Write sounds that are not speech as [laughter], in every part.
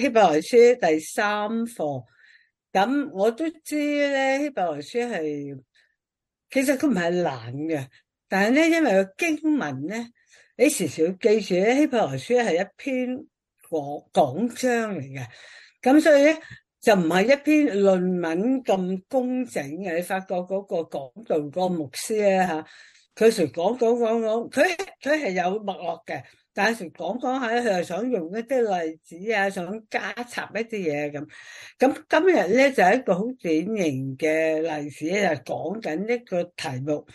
希伯來書第三課，咁我都知咧。希伯來書係，其實佢唔係難嘅，但係咧，因為個經文咧，你時時要記住咧。希伯來書係一篇講講章嚟嘅，咁所以咧就唔係一篇論文咁工整嘅。你發覺嗰個講道嗰個牧師咧吓，佢成日講講講講，佢佢係有脈絡嘅。有時講講下，佢又想用一啲例子啊，想加插一啲嘢咁。咁今日咧就係一個好典型嘅例子，就係講緊一個題目，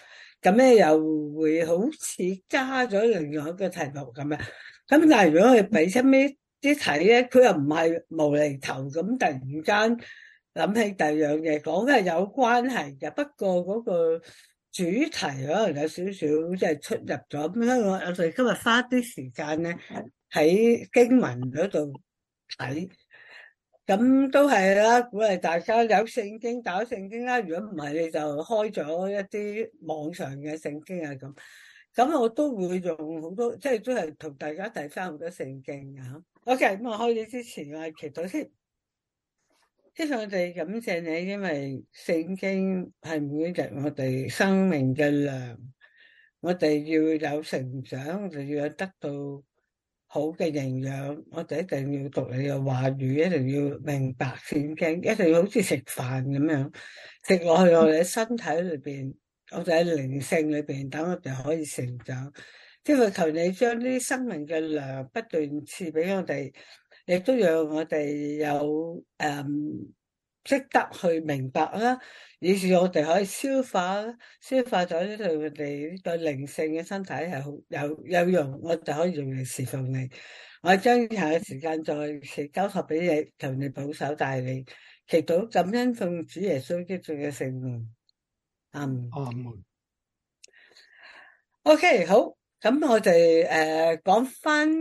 咁咧又會好似加咗另外一個題目咁啊。咁但係如果佢俾出咩啲題咧，佢又唔係無厘頭咁，突然間諗起第二樣嘢，講係有關係嘅，不過嗰個主題可能有少少即係出入咗，咁所以我我哋今日花啲時間咧喺經文嗰度睇，咁都係啦，鼓勵大家有聖經打聖經啦。如果唔係，你就開咗一啲網上嘅聖經啊咁。咁我都會用好多，即係都係同大家提返好多聖經嘅。O.K. 咁我開始之前啊，祈禱先。即係我哋感謝你，因為聖經係每日我哋生命嘅糧，我哋要有成長就要得到好嘅營養，我哋一定要讀你嘅話語，一定要明白聖經，一定要好似食飯咁樣食落去我哋嘅身體裏邊，我哋喺靈性裏邊等我哋可以成長。即係求你將呢啲生命嘅糧不斷賜俾我哋。亦都讓我哋有誒，識得去明白啦，以致我哋可以消化，消化咗呢對佢哋對靈性嘅身體係好有有用，我就可以用嚟侍奉你。我將下嘅時間再交託俾你，求你保守帶領，祈禱感恩，奉主耶穌基督嘅聖名。阿門。阿門。O.K. 好，咁我哋誒講翻。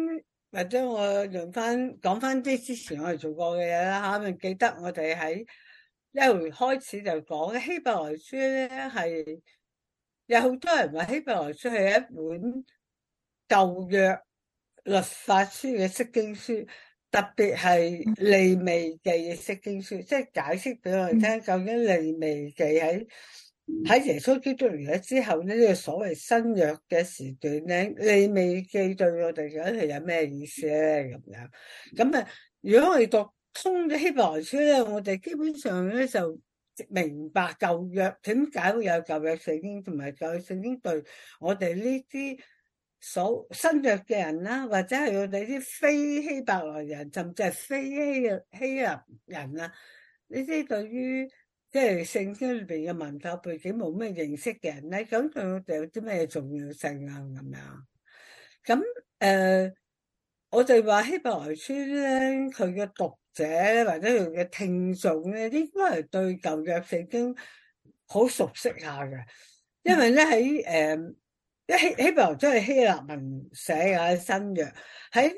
或者我用翻講翻啲之前我哋做過嘅嘢啦嚇，咁記得我哋喺一回開始就講《希伯來書》咧，係有好多人話《希伯來書》係一本舊約律法書嘅釋經書，特別係利未記嘅釋經書，即係解釋俾我哋聽究竟利未記喺喺耶穌基督嚟咗之後咧，呢個所謂新約嘅時段咧，利未記對我哋講係有咩意思咧？咁樣咁啊，如果我哋讀通咗希伯來書咧，我哋基本上咧就明白舊約點解會有舊約聖經，同埋舊約聖經對我哋呢啲屬新約嘅人啦，啊，或者係我哋啲非希伯來人，甚至係非希希臘人啊，呢啲對於。即係聖經裏邊嘅文化背景冇咩認識嘅人咧，咁佢哋有啲咩重要性啊咁樣？咁誒、呃，我哋話希伯來書咧，佢嘅讀者或者佢嘅聽眾咧，應該係對舊約聖經好熟悉下嘅，因為咧喺誒希希伯來都係希臘文寫嘅新約，喺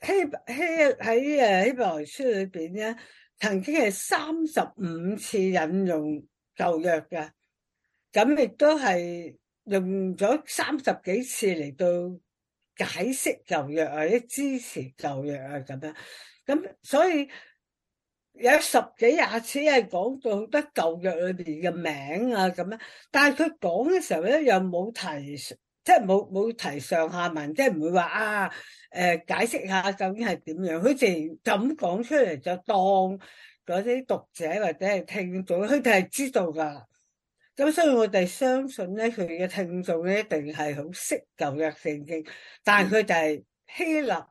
希希喺誒希伯來書裏邊咧。曾經係三十五次引用舊約嘅，咁亦都係用咗三十幾次嚟到解釋舊約啊，或者支持舊約啊咁樣，咁所以有十幾廿次係講到好多舊約裏邊嘅名啊咁樣，但係佢講嘅時候一樣冇提。即係冇冇提上下文，即係唔會話啊，誒、呃、解釋下究竟係點樣，佢自然就咁講出嚟就當嗰啲讀者或者係聽眾，佢哋係知道噶。咁所以我哋相信咧，佢哋嘅聽眾咧，一定係好識舊約聖經，但係佢就係希臘、嗯，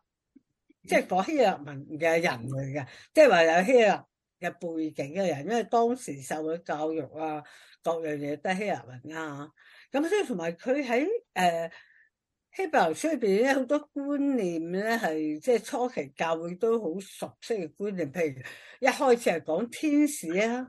即係講希臘文嘅人嚟嘅，即係話有希臘嘅背景嘅人，因為當時受咗教育啊，各樣嘢都係希臘文啊。咁所以同埋佢喺誒希伯來書入邊咧，好多觀念咧係即係初期教會都好熟悉嘅觀念。譬如一開始係講天使啊，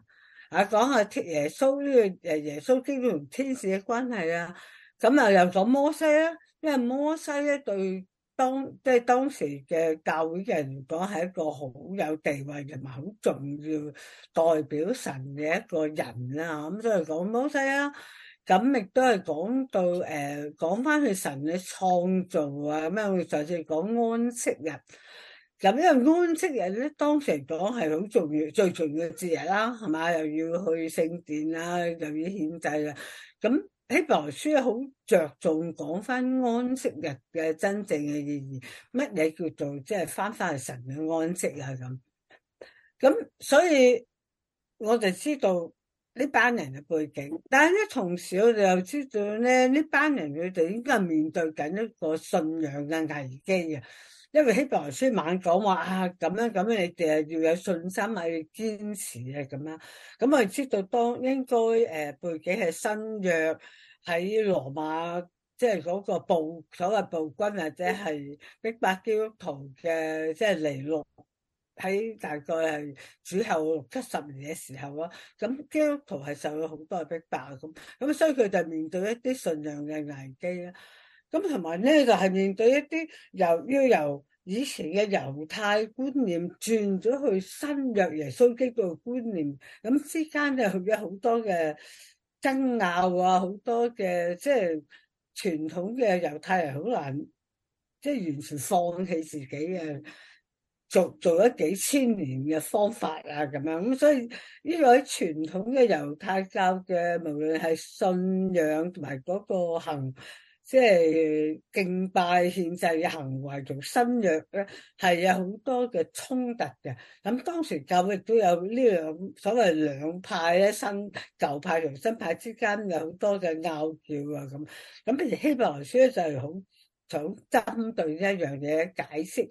啊講下耶穌呢、這個誒耶穌基督同天使嘅關係啊。咁啊又講摩西啊，因為摩西咧對當即係、就是、當時嘅教會嘅人嚟講係一個好有地位同埋好重要代表神嘅一個人啦、啊。咁所以講摩西啊。咁亦都係講到誒，講翻去神嘅創造啊，咩？就算次講安息日，咁因為安息日咧，當時講係好重要，最重要嘅節日啦、啊，係咪？又要去聖殿啦、啊，又要獻祭啦。咁喺希伯來書好着重講翻安息日嘅真正嘅意義，乜嘢叫做即係翻翻去神嘅安息啊？咁，咁所以我就知道。呢班人嘅背景，但係咧同時我哋又知道咧，呢班人佢哋應該係面對緊一個信仰嘅危機啊！因為希伯來書晚講話啊，咁樣咁樣，樣你哋係要有信心啊，要堅持啊咁樣。咁我哋知道當應該誒、呃、背景係新約喺羅馬，即係嗰個暴所謂暴君或者係逼迫基督徒嘅，即、就、係、是、尼祿。喺大概係主後六七十年嘅時候咯，咁基督徒係受咗好多嘅迫爆咁，咁所以佢就面對一啲信仰嘅危機啦。咁同埋咧就係、是、面對一啲由要由以前嘅猶太觀念轉咗去新約耶穌基督嘅觀念，咁之間就有好多嘅爭拗啊，好多嘅即係傳統嘅猶太人好難即係、就是、完全放棄自己嘅。做做咗幾千年嘅方法啊，咁樣咁，所以呢個喺傳統嘅猶太教嘅，無論係信仰同埋嗰個行，即係敬拜獻祭嘅行為同新約咧，係有好多嘅衝突嘅。咁當時教會，亦都有呢兩所謂兩派咧，新舊派同新派之間有好多嘅拗撬啊，咁咁。譬如希伯來書咧，就係好想針對一樣嘢，解釋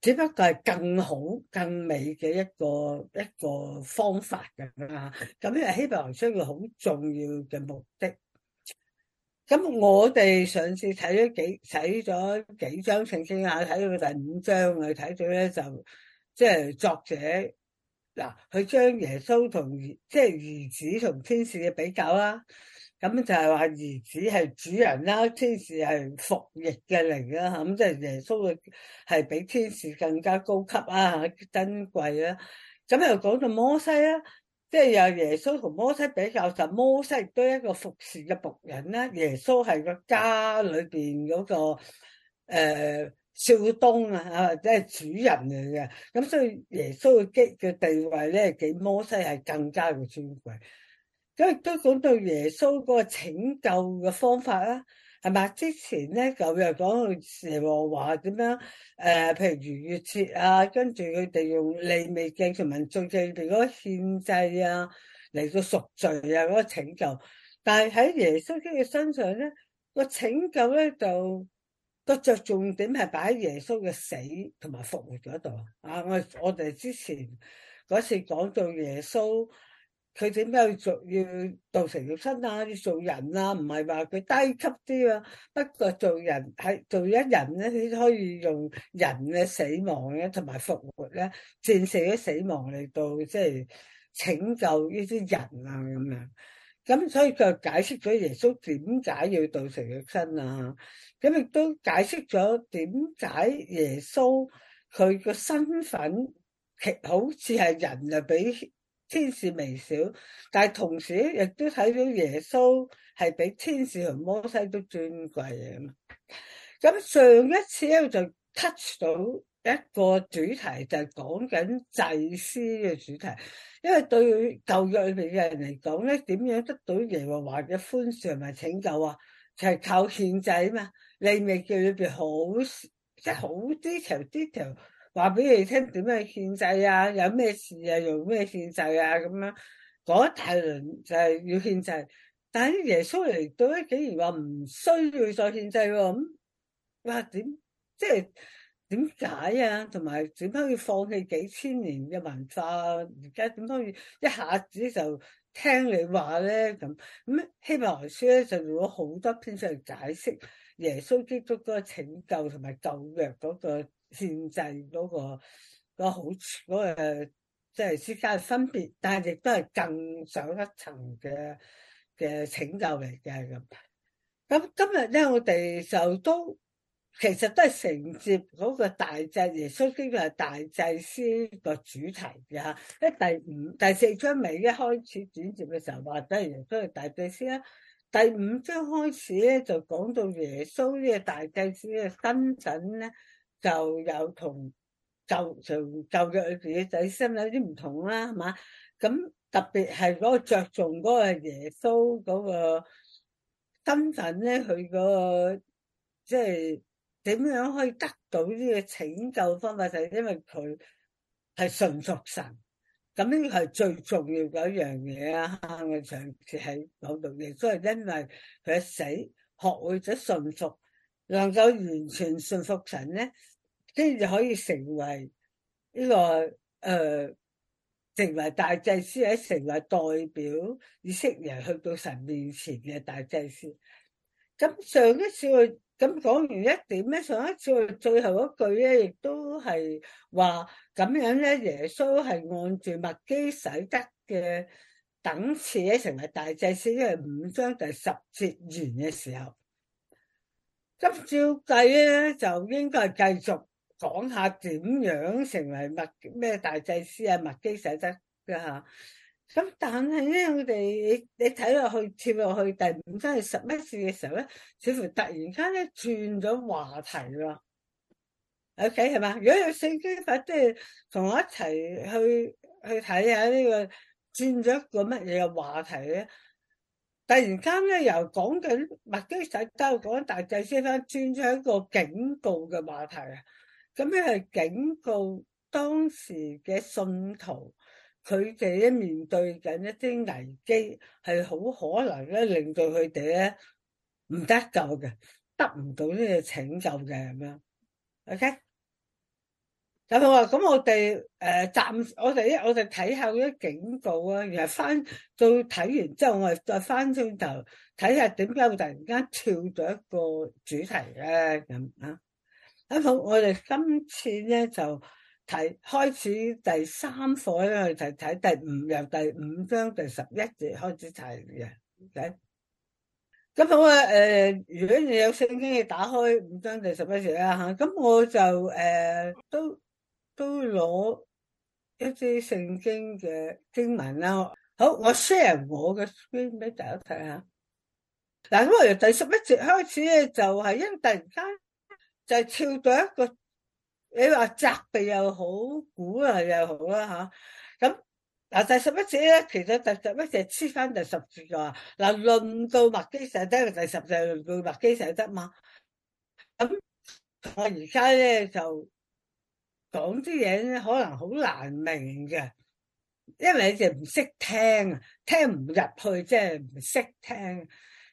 只不過係更好、更美嘅一個一個方法噶啦、啊，咁咧希望需要好重要嘅目的。咁我哋上次睇咗幾睇咗幾章聖經啊，睇到佢第五章啊，睇到咧就即係、就是、作者嗱，佢將耶穌同即係兒子同天使嘅比較啦。咁就係話兒子係主人啦，天使係服役嘅嚟啦，咁即係耶穌嘅係比天使更加高級啊，珍貴啊。咁又講到摩西啦，即係有耶穌同摩西比較，就摩西都係一個服侍嘅僕人啦，耶穌係個家裏邊嗰、那個誒、呃、少東啊吓，即係、就是、主人嚟嘅。咁所以耶穌嘅嘅地位咧，比摩西係更加嘅尊貴。咁亦都講到耶穌嗰個拯救嘅方法啦，係嘛？之前咧，舊又講到耶和華點樣，誒、呃，譬如逾越節啊，跟住佢哋用利未記同民數記嘅嗰個獻祭啊，嚟到贖罪啊，嗰、那個拯救。但係喺耶穌嘅身上咧，個拯救咧就個著重點係擺喺耶穌嘅死同埋復活嗰度。啊，我我哋之前嗰次講到耶穌。佢點解要做要道成肉身啊？要做人啊？唔係話佢低級啲啊？不過做人係做咗人咧，你可以用人嘅死亡咧，同埋復活咧，戰勝啲死亡嚟到即係拯救呢啲人啊咁樣。咁所以佢就解釋咗耶穌點解要道成肉身啊？咁亦都解釋咗點解耶穌佢個身份，其好似係人啊，俾天使微少，但係同時亦都睇到耶穌係比天使同摩西都尊貴嘅。咁上一次咧就 touch 到一個主題，就係講緊祭司嘅主題。因為對舊約裏邊嘅人嚟講咧，點樣得到耶和華嘅寬恕同埋拯救啊？就係、是、靠獻祭啊嘛。你未叫裏邊好即係好 detail detail。就是話俾你聽點樣獻祭啊？有咩事啊？用咩獻祭啊？咁樣嗰大輪就係要獻祭，但係耶穌嚟到竟然話唔需要再獻祭喎、啊、咁、嗯，哇點即係點解啊？同埋點解要放棄幾千年嘅文化、啊？而家點可以一下子就聽你話咧咁？咁希伯來書咧就用咗好多篇章嚟解釋耶穌基督嗰個拯救同埋救約嗰、那個。限制嗰、嗰個、嗰個好，嗰、嗰個即係之間嘅分別，但係亦都係更上一層嘅嘅拯救嚟嘅咁。咁今日咧，我哋就都其實都係承接嗰個大祭耶穌基督大祭司個主題嘅吓。第五、第四章尾一開始轉接嘅時候，話得耶穌大祭司啦。第五章開始咧，就講到耶穌呢個大祭司嘅身份咧。就有同就就舊約自己仔心裏有啲唔同啦，係嘛？咁特別係嗰個着重嗰個耶穌嗰個身份咧，佢個即係點樣可以得到呢個拯救方法？就係因為佢係順服神，咁呢個係最重要嘅一樣嘢啊！我上次喺嗰度亦都係因為佢死學會咗順服，能夠完全順服神咧。即住就可以成為呢、這個誒、呃，成為大祭司，喺成為代表以色列去到神面前嘅大祭司。咁上一次我咁講完一點咧，上一次我最後一句咧，亦都係話咁樣咧，耶穌係按住麥基洗德嘅等次成為大祭司，因、就、為、是、五章第十節完嘅時候，咁照計咧就應該係繼續。講下點樣成為麥咩大祭司啊，麥基洗德嘅，吓，咁、啊、但係咧我哋你你睇落去跳落去第五章第十一嘅時候咧，似乎突然間咧轉咗話題啦。OK 係嘛，如果有四經法，即係同我一齊去去睇下呢個轉咗一個乜嘢嘅話題咧？突然間咧由講緊麥基洗德講大祭司，翻轉咗一個警告嘅話題啊！咁佢係警告當時嘅信徒，佢哋咧面對緊一啲危機，係好可能咧令到佢哋咧唔得救嘅，得唔到呢個拯救嘅咁樣。OK，就係話咁，我哋誒、呃、暫，我哋一我哋睇下啲警告啊，然後翻到睇完之後，我哋再翻轉頭睇下點解會突然間跳咗一個主題咧咁啊？咁好，我哋今次咧就睇開始第三課咧，就睇第五，由第五章第十一節開始睇嘅。咁，okay? 好啊，誒、呃，如果你有聖經，你打開五章第十一節啦吓。咁我就誒、呃、都都攞一啲聖經嘅經文啦。好，我 share 我嘅 screen 俾大家睇下。嗱，咁我由第十一節開始咧，就係因為突然間。就跳到一個，你話責備又好，估啊又好啦吓，咁、啊、嗱、啊、第十一隻咧，其實第十一隻黐翻第十字啊。嗱，論到麥基洗德，第十就論到麥基洗德嘛。咁我而家咧就講啲嘢咧，可能好難明嘅，因為你哋唔識聽，聽唔入去，即係唔識聽。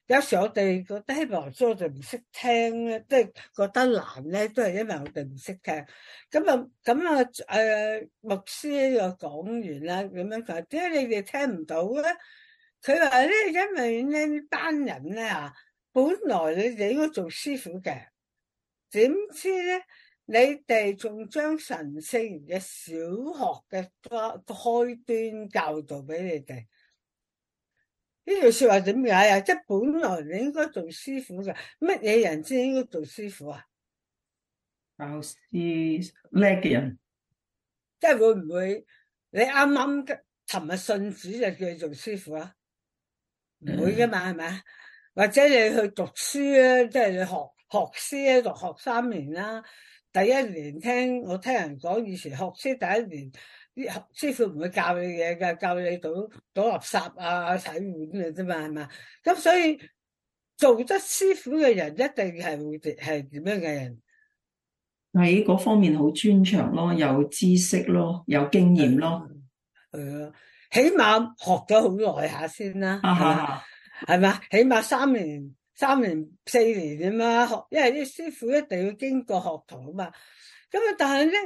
有時我哋覺得呢本書就唔識聽咧，即係覺得難咧，都係因為我哋唔識聽。咁啊，咁啊，誒、呃、牧師又講完啦，點樣講？點解你哋聽唔到咧？佢話咧，因為呢班人咧啊，本來你哋應該做師傅嘅，點知咧你哋仲將神聖嘅小學嘅開端教導俾你哋。呢句說話點解呀？即係本來你應該做師傅嘅，乜嘢人先應該做師傅啊？教書叻嘅人，即係會唔會你啱啱尋日信主就叫你做師傅啊？唔會嘅嘛，係咪啊？或者你去讀書咧，即係你學學師咧，讀學，學三年啦，啊，第一年聽我聽人講，以前學師第一年。啲師傅唔會教你嘢噶，教你倒倒垃圾啊、洗碗嘅啫嘛，係嘛？咁所以做得師傅嘅人一定係會係點樣嘅人？喺嗰方面好專長咯，有知識咯，有經驗咯，係咯。起碼學咗好耐下先啦，係嘛、啊？起碼三年、三年、四年點啊？學，因為啲師傅一定要經過學徒啊嘛。咁啊，但係咧。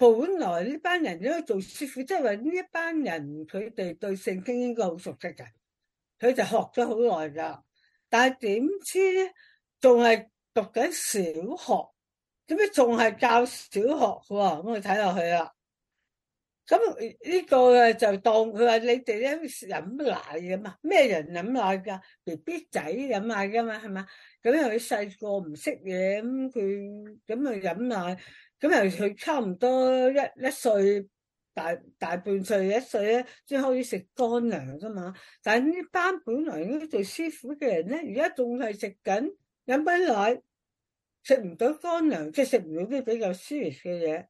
本來呢班人應該做師傅，即係話呢一班人佢哋對聖經應該好熟悉㗎，佢就學咗好耐㗎。但係點知呢仲係讀緊小學，點解仲係教小學㗎？咁我睇落去啦。咁呢個呢就當佢話你哋咧飲奶㗎嘛，咩人飲奶噶？B B 仔飲奶噶嘛，係嘛？咁因佢細個唔識嘢，咁佢咁去飲奶。咁又佢差唔多一一歲，大大半歲一歲咧，先可以食乾糧㗎嘛。但係呢班本來應該做師傅嘅人咧，而家仲係食緊飲杯奶，食唔到乾糧，即係食唔到啲比較 serious 嘅嘢，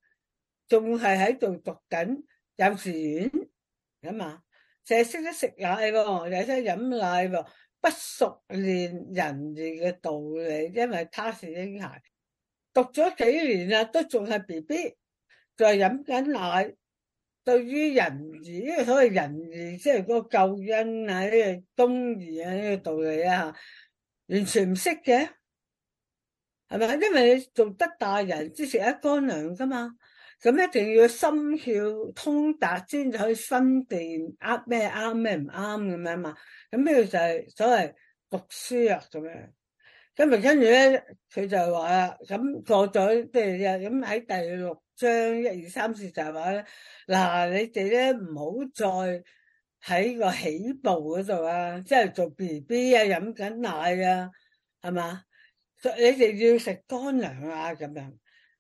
仲係喺度讀緊幼稚園咁嘛。淨係識得食奶喎，又識得飲奶喎，不熟練人哋嘅道理，因為他是嬰孩。讀咗幾年啦，都仲係 B B，就係飲緊奶。對於仁義，呢、這個所謂仁義即係、就是、個救恩啊，呢、這個東兒啊呢、這個道理啊，完全唔識嘅，係咪？因為你做得大人之前一乾糧噶嘛，咁咧，一定要心竅通達，先至可以分辨呃咩啱咩唔啱咁樣嘛。咁呢個就係所謂讀書啊咁樣。咁跟住咧，佢就話話啊，咁過咗，即係咁喺第六章一二三四就係話咧，嗱、啊、你哋咧唔好再喺個起步嗰度啊，即、就、係、是、做 B B 啊飲緊奶啊，係嘛？你哋要食乾糧啊咁樣。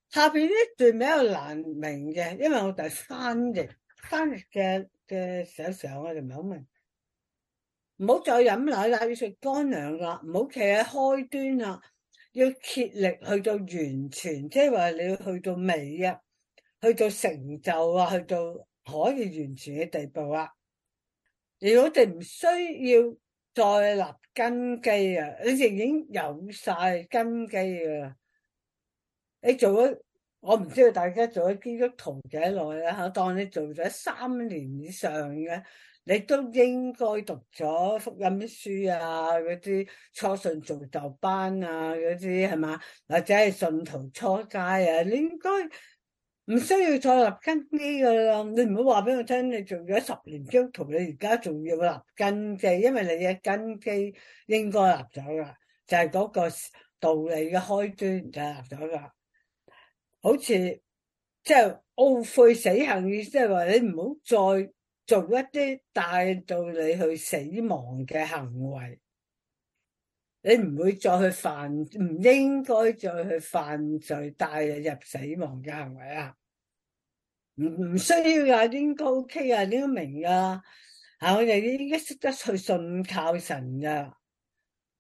下面呢，段比較難明嘅，因為我第三日、三日嘅寫成我就唔係好明。唔好再飲奶啦，要食乾糧啦。唔好企喺開端啦，要竭力去到完全，即係話你要去到尾啊，去到成就啊，去到可以完全嘅地步啊。如果我哋唔需要再立根基啊，你哋已經有晒根基㗎啦。你做咗，我唔知道大家做咗基督徒幾耐啦。吓，當你做咗三年以上嘅。你都應該讀咗福音書啊，嗰啲初信造就班啊，嗰啲係咪？或者係信徒初階啊？你應該唔需要再立根基噶啦。你唔好話俾我聽，你做咗十年基督徒，你而家仲要立根基，因為你嘅根基應該立咗噶，就係、是、嗰個道理嘅開端就係立咗噶。好似即係懊悔死行，即係話你唔好再。做一啲帶到你去死亡嘅行為，你唔會再去犯唔應該再去犯罪帶你入死亡嘅行為啊！唔唔需要應該 OK 啊，你都明噶啊，我哋應該識得去信靠神噶。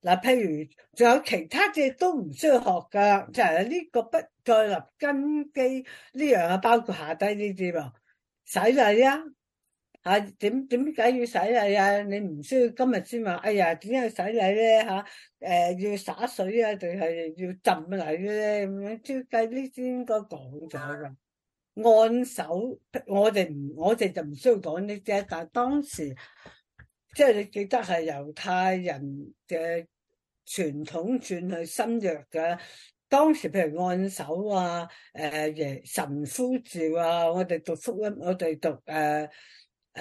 嗱，譬如仲有其他嘅都唔需要學噶，就係呢個不再立根基呢樣啊，包括下低呢啲啊，洗禮啊。吓，點點解要洗禮啊？你唔需要今日先話，哎呀點解要洗禮咧吓？誒要灑水啊定係要浸禮咧咁樣？估計呢啲應該講咗噶，按手我哋唔我哋就唔需要講呢啲，但係當時即係、就是、你記得係猶太人嘅傳統轉去新約嘅，當時譬如按手啊，誒、啊、耶神呼召啊，我哋讀福音，我哋讀誒。啊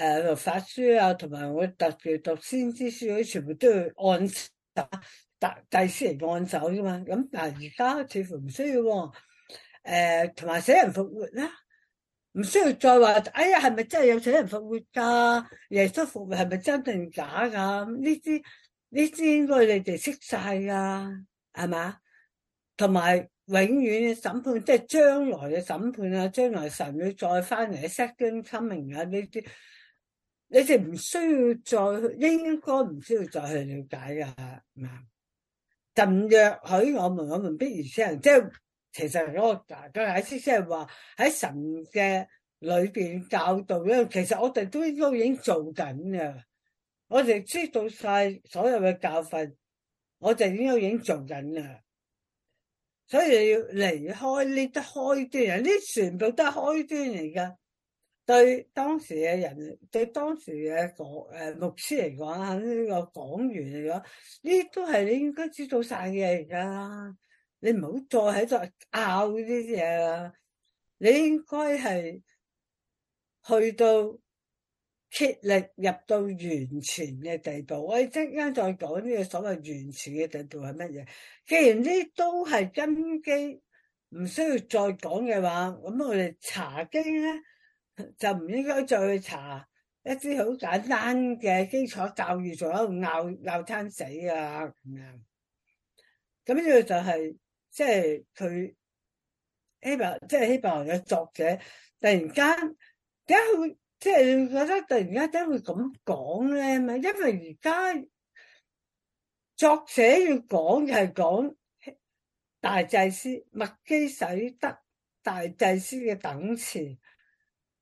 誒、呃、法書啊，同埋我特別讀先知書，啲全部都要按大祭司嚟按手噶嘛。咁但係而家似乎唔需要喎、啊。同埋死人復活啦，唔需要再話。哎呀，係咪真係有死人復活㗎、哎啊？耶穌復活係咪真定假㗎？呢啲呢啲應該你哋識晒㗎、啊，係嘛？同埋永遠嘅審判，即係將來嘅審判啊，將來神會再翻嚟 Second Coming 啊，呢啲。你哋唔需要再，應該唔需要再去了解噶。咁啊，朕若許我們，我們必先知。即係其實嗰個個解釋即係話喺神嘅裏邊教導咧，其實我哋都應該已經做緊嘅。我哋知道晒所有嘅教訓，我哋應該已經做緊啦。所以你要離開呢啲開端，呢啲全部都係開端嚟噶。對當時嘅人，對當時嘅講誒牧師嚟講，肯定個講完嚟講，呢都係你應該知道晒嘅嘢啦。你唔好再喺度拗呢啲嘢啦。你應該係去到竭力入到完全嘅地步。我哋即刻再講呢個所謂完全嘅地步係乜嘢？既然呢都係根基，唔需要再講嘅話，咁我哋查經咧，就唔應該再去查一啲好簡單嘅基礎教育，仲喺度拗拗攤死啊、就是。咁樣咁樣就係即係佢希伯，即係希伯來嘅作者，突然間點解佢，即係、就是、覺得突然間點會咁講咧？咪因為而家作者要講嘅係講大祭司麥基洗德大祭司嘅等次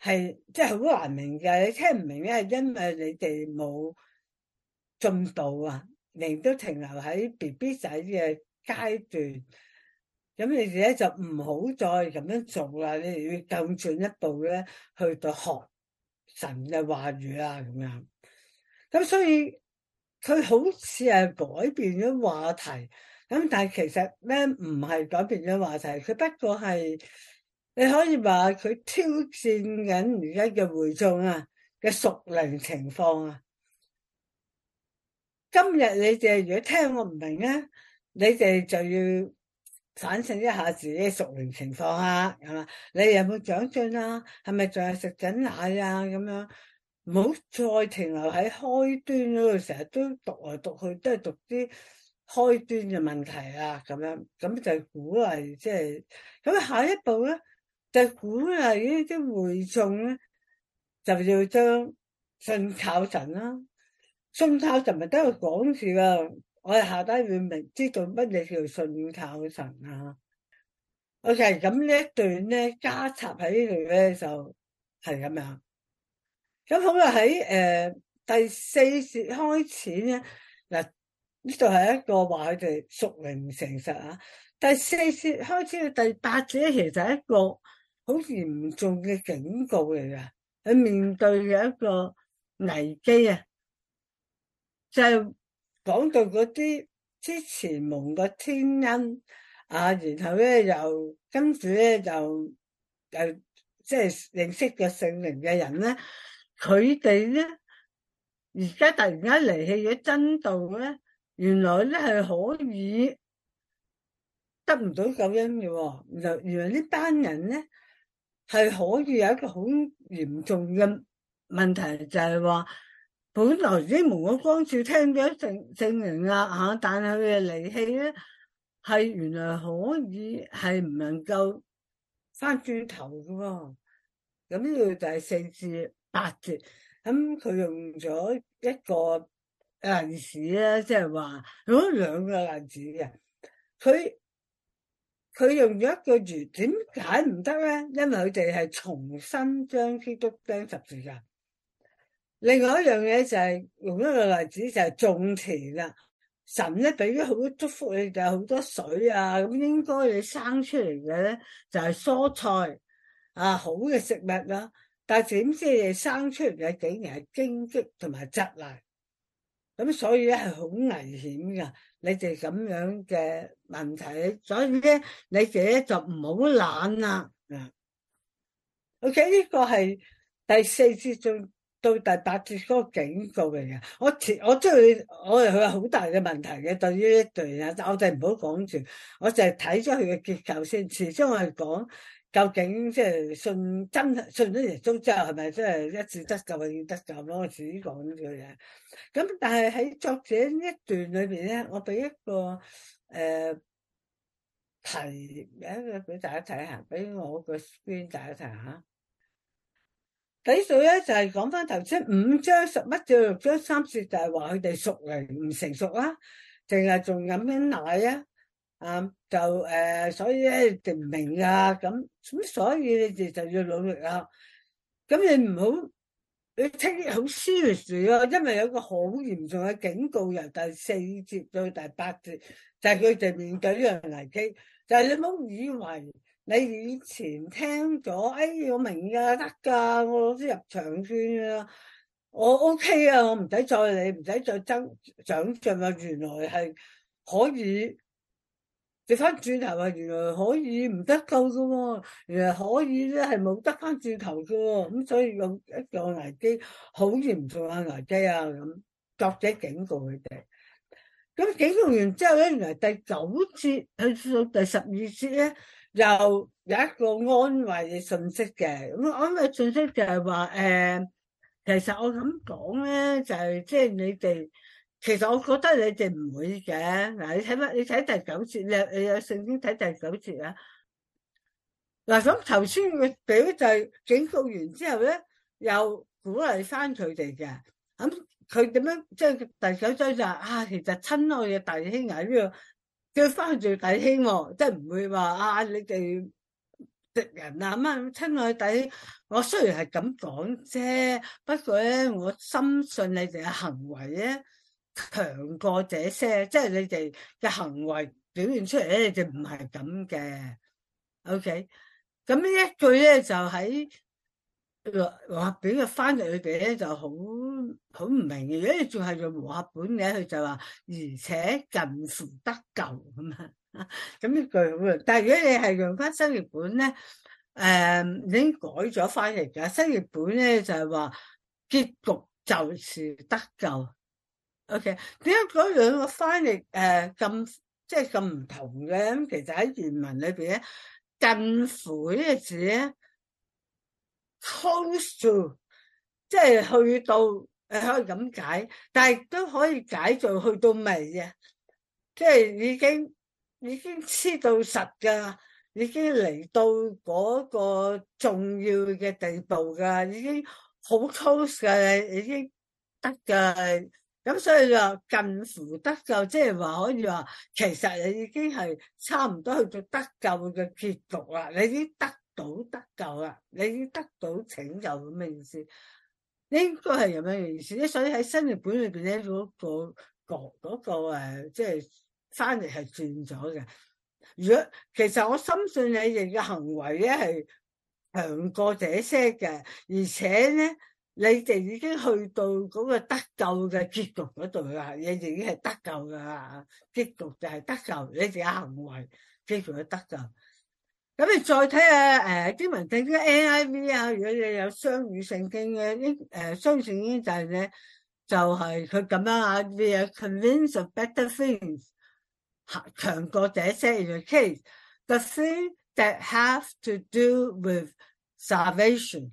係即係好難明嘅，你聽唔明咧，係因為你哋冇進度啊，仍都停留喺 BB 仔嘅階段。咁你哋咧就唔好再咁樣做啦，你哋要更進一步咧去到學神嘅話語啦，咁樣。咁所以佢好似係改變咗話題，咁但係其實咧唔係改變咗話題，佢不過係。你可以話佢挑戰緊而家嘅會眾啊嘅熟齡情況啊。今日你哋如果聽我唔明咧，你哋就要反省一下自己嘅熟齡情況啊，係嘛？你有冇長進啊？係咪仲係食緊奶啊？咁樣唔好再停留喺開端嗰度，成日都讀嚟讀去都係讀啲開端嘅問題啊。咁樣咁就是鼓勵即係咁，就是、下一步咧。就估係呢啲會眾咧，就要將信靠神啦、啊。信靠神唔係得個講字噶，我哋下低會明知道乜嘢叫信靠神啊。ok，咁呢一段咧加插喺呢度咧就係、是、咁樣。咁好啦，喺誒第四節開始咧嗱，呢度係一個話佢哋屬靈誠實啊。第四節開始到第，第八節咧，其實係一個。好嚴重嘅警告嚟噶，佢面對嘅一個危機啊，就係講到嗰啲之前蒙個天恩啊，然後咧又跟住咧就就即係認識嘅聖靈嘅人咧，佢哋咧而家突然間離棄咗真道咧，原來咧係可以得唔到救恩嘅喎，就原來呢班人咧。係可以有一個好嚴重嘅問題，就係話本來啲蒙光照聽咗證證明啊，但係佢嘅離棄咧，係原來可以係唔能夠翻轉頭嘅喎、啊。咁呢個第四至八節，咁佢用咗一個例子咧，即係話用咗兩個例子嘅佢。佢用咗一個喻，點解唔得咧？因為佢哋係重新將基督釘十字架。另外一樣嘢就係、是、用一個例子就係種田啦。神咧俾咗好多祝福你哋，好多水啊，咁應該你生出嚟嘅咧就係、是、蔬菜啊，好嘅食物啦、啊。但係點知你生出嚟嘅竟然係荊棘同埋蒺藜，咁所以咧係好危險噶。你哋咁樣嘅問題，所以咧，你哋咧就唔好懶啦。啊，OK，呢個係第四節到到第八節嗰個警告嚟嘅。我前我即係我哋佢有好大嘅問題嘅，對於一段嘢，我哋唔好講住，我淨係睇咗佢嘅結構先。始終我係講究竟即係信真信咗節中之後係咪即係一次得救永遠得救咯？我自己講嘅嘢。咁但係喺作者呢一段裏邊咧，我俾一個。誒，提名俾大家睇下，俾我個 screen 大家睇下。底數咧就係講翻頭先，五張十乜就六張三歲，就係話佢哋熟嚟唔成熟啦，淨係仲飲緊奶啊，啊就誒，所以咧就唔明噶，咁咁所以你哋就要努力啦。咁你唔好。你聽啲好 serious 咯，啊，因為有個好嚴重嘅警告，由第四節到第八節，就係佢哋面對呢樣危機。就係、是，你唔好以為你以前聽咗，哎，我明㗎得㗎，我攞啲入場券啊，我 OK 啊，我唔使再理，唔使再增想象啊，原來係可以。你翻轉頭啊！原來可以唔得救嘅喎，原來可以咧係冇得翻轉頭嘅喎，咁所以有一個危機，好嚴重嘅危機啊，咁，作者警告佢哋。咁警告完之後咧，原來第九節去到第十二節咧，又有一個安慰嘅信息嘅。咁安慰信息就係話誒，其實我諗講咧，就係即係你哋。其實我覺得你哋唔會嘅嗱，你睇翻你睇第九節，你你有聖經睇第九節啊？嗱，咁頭先個表弟警告完之後咧，又鼓勵翻佢哋嘅。咁佢點樣，即第九章就話啊，其實親愛嘅弟兄，喺呢度叫翻住弟兄，即係唔會話啊！你哋敵人啊？咁啊，親愛弟兄，我雖然係咁講啫，不過咧，我深信你哋嘅行為咧，強過這些，即係你哋嘅行為表現出嚟咧，OK？就唔係咁嘅。OK，咁呢一句咧就喺《和合本》嘅翻譯裏邊咧就好好唔明，如果你仲係用《和合呢》和合本嘅，佢就話而且近乎得救咁啊。咁呢句好啊，但係如果你係用翻《新譯本》咧，誒，已經改咗翻嚟嘅《新譯本呢》咧就係話結局就是得救。O.K. 點解嗰兩個翻譯誒，咁即係咁唔同嘅？咁其實喺原文裏邊咧，近乎呢個字咧，close to 即係去到你可以咁解，但係亦都可以解就去到未啊，即係已經已經黐到實㗎，已經嚟到嗰個重要嘅地步㗎，已經好 close 㗎，已經得㗎。咁所以就近乎得救，即係話可以話，其實你已經係差唔多去到得救嘅結局啦。你已經得到得救啦，你已經得到拯救咁嘅意思。呢個係咁樣嘅意思，所以喺新譯本裏邊咧，嗰個個嗰個誒，即係翻嚟係轉咗嘅。如果其實我深信你哋嘅行為咧係強過這些嘅，而且咧。你哋已經去到嗰個得救嘅結局嗰度啦，你哋已經係得救噶啦，結局就係得救，你哋嘅行為幾乎係得救？咁你再睇下誒啲文聖經 NIV 啊，如果你有雙語聖經嘅，啲誒雙語聖經就係咧，就係佢咁樣啊，we are convinced of better things，強過這些嘅 in the case the thing that have to do with salvation。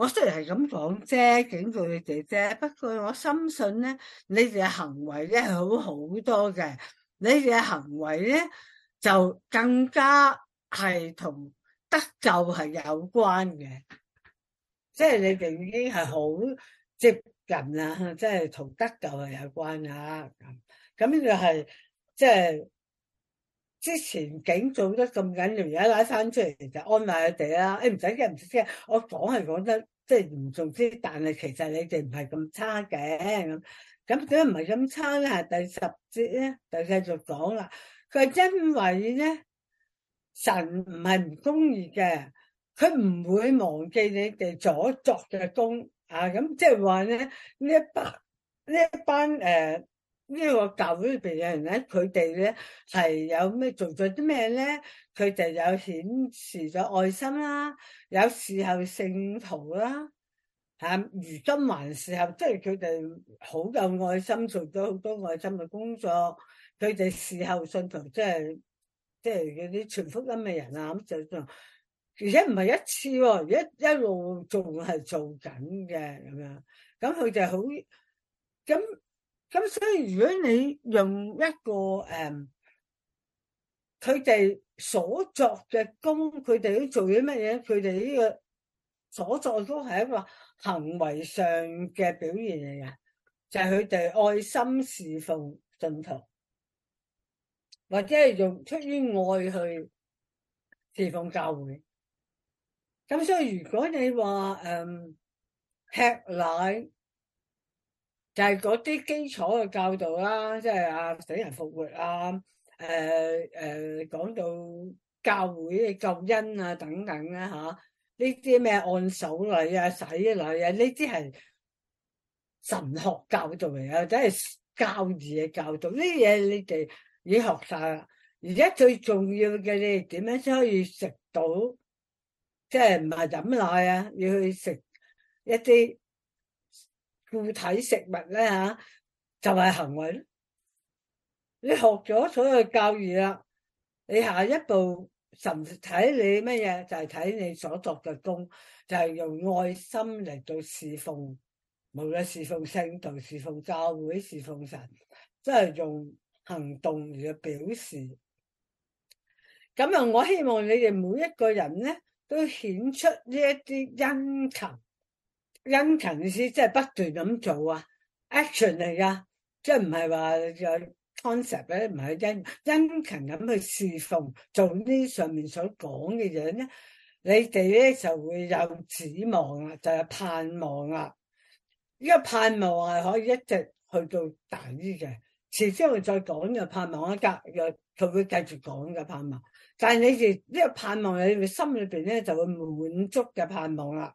我雖然係咁講啫，警告你哋啫。不過我深信咧，你哋嘅行為咧係好好多嘅。你哋嘅行為咧就更加係同得救係有關嘅，即係你哋已經係好接近啦，即係同得救係有關啦。咁呢個係，即係。之前警告做得咁緊要，而家拉翻出嚟就安慰佢哋啦。誒，唔使驚，唔使驚，我講係講得即係嚴重啲，但係其實你哋唔係咁差嘅。咁咁點解唔係咁差咧？係第十節咧，就繼續講啦。佢係因為咧，神唔係唔公義嘅，佢唔會忘記你哋左作嘅功。啊。咁即係話咧，呢一班呢一班誒。呃呢個教會入邊有人咧，佢哋咧係有咩做咗啲咩咧？佢哋有顯示咗愛心啦，有伺候聖徒啦，嚇，如今還伺候，即係佢哋好有愛心，做咗好多愛心嘅工作。佢哋伺候聖徒，即係即係嗰啲傳福音嘅人啊，咁就就，而且唔係一次喎，哦，一一路仲係做緊嘅咁樣。咁佢就好咁。咁所以如果你用一個誒，佢哋所作嘅工，佢哋都做咗乜嘢？佢哋呢個所作都係一個行為上嘅表現嚟嘅，就係佢哋愛心侍奉信徒，或者係用出於愛去侍奉教會。咁所以如果你話誒吃奶。就係嗰啲基礎嘅教導啦，即係啊死人復活啊，誒誒講到教會嘅救恩啊等等啦吓，呢啲咩按手禮啊洗禮啊呢啲係神學教導嚟，啊，即係教義嘅教導，呢啲嘢，你哋已經學晒啦，而家最重要嘅你哋點樣先可以食到，即係唔係飲奶啊，要去食一啲。固體食物咧吓，就係行為咯。你學咗所有教義啦，你下一步就睇你乜嘢，就係睇你所作嘅功，就係用愛心嚟到侍奉，無論侍奉聖徒、侍奉教會、侍奉神，即係用行動嚟到表示。咁啊，我希望你哋每一個人咧，都顯出呢一啲殷勤。殷勤意思即係不斷咁做啊！Action 嚟噶，即係唔係話有 concept 咧，唔係殷殷勤咁去侍奉，做呢上面所講嘅嘢咧，你哋咧就會有指望啦，就係盼望啦。呢個盼望係可以一直去到大啲嘅，遲啲我再講又盼望一格，又佢會繼續講嘅盼望。但係你哋呢個盼望，你哋心裏邊咧就會滿足嘅盼望啦。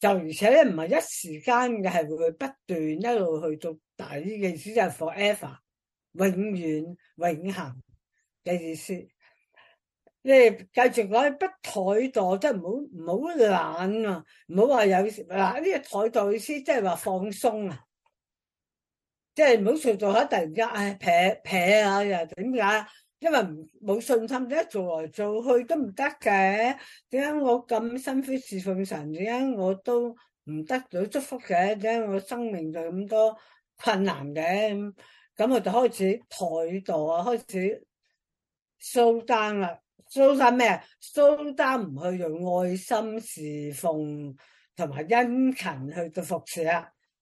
就而且唔係一時間嘅，係會不斷一路去到底。但係呢件事就 forever，永遠、永恆嘅意思。你繼續講不怠惰，即係唔好唔好懶啊，唔好話有時嗱，呢個怠惰意思即係話放鬆啊，即係唔好做做下突然間唉撇撇啊又點解？哎因為唔冇信心，點解做來做去都唔得嘅？點解我咁心灰侍奉神？點解我都唔得到祝福嘅？點解我生命就咁多困難嘅？咁我就開始怠惰啊，開始 slow down 啦，slow down 咩？slow down 唔去用愛心侍奉，同埋殷勤去到服侍，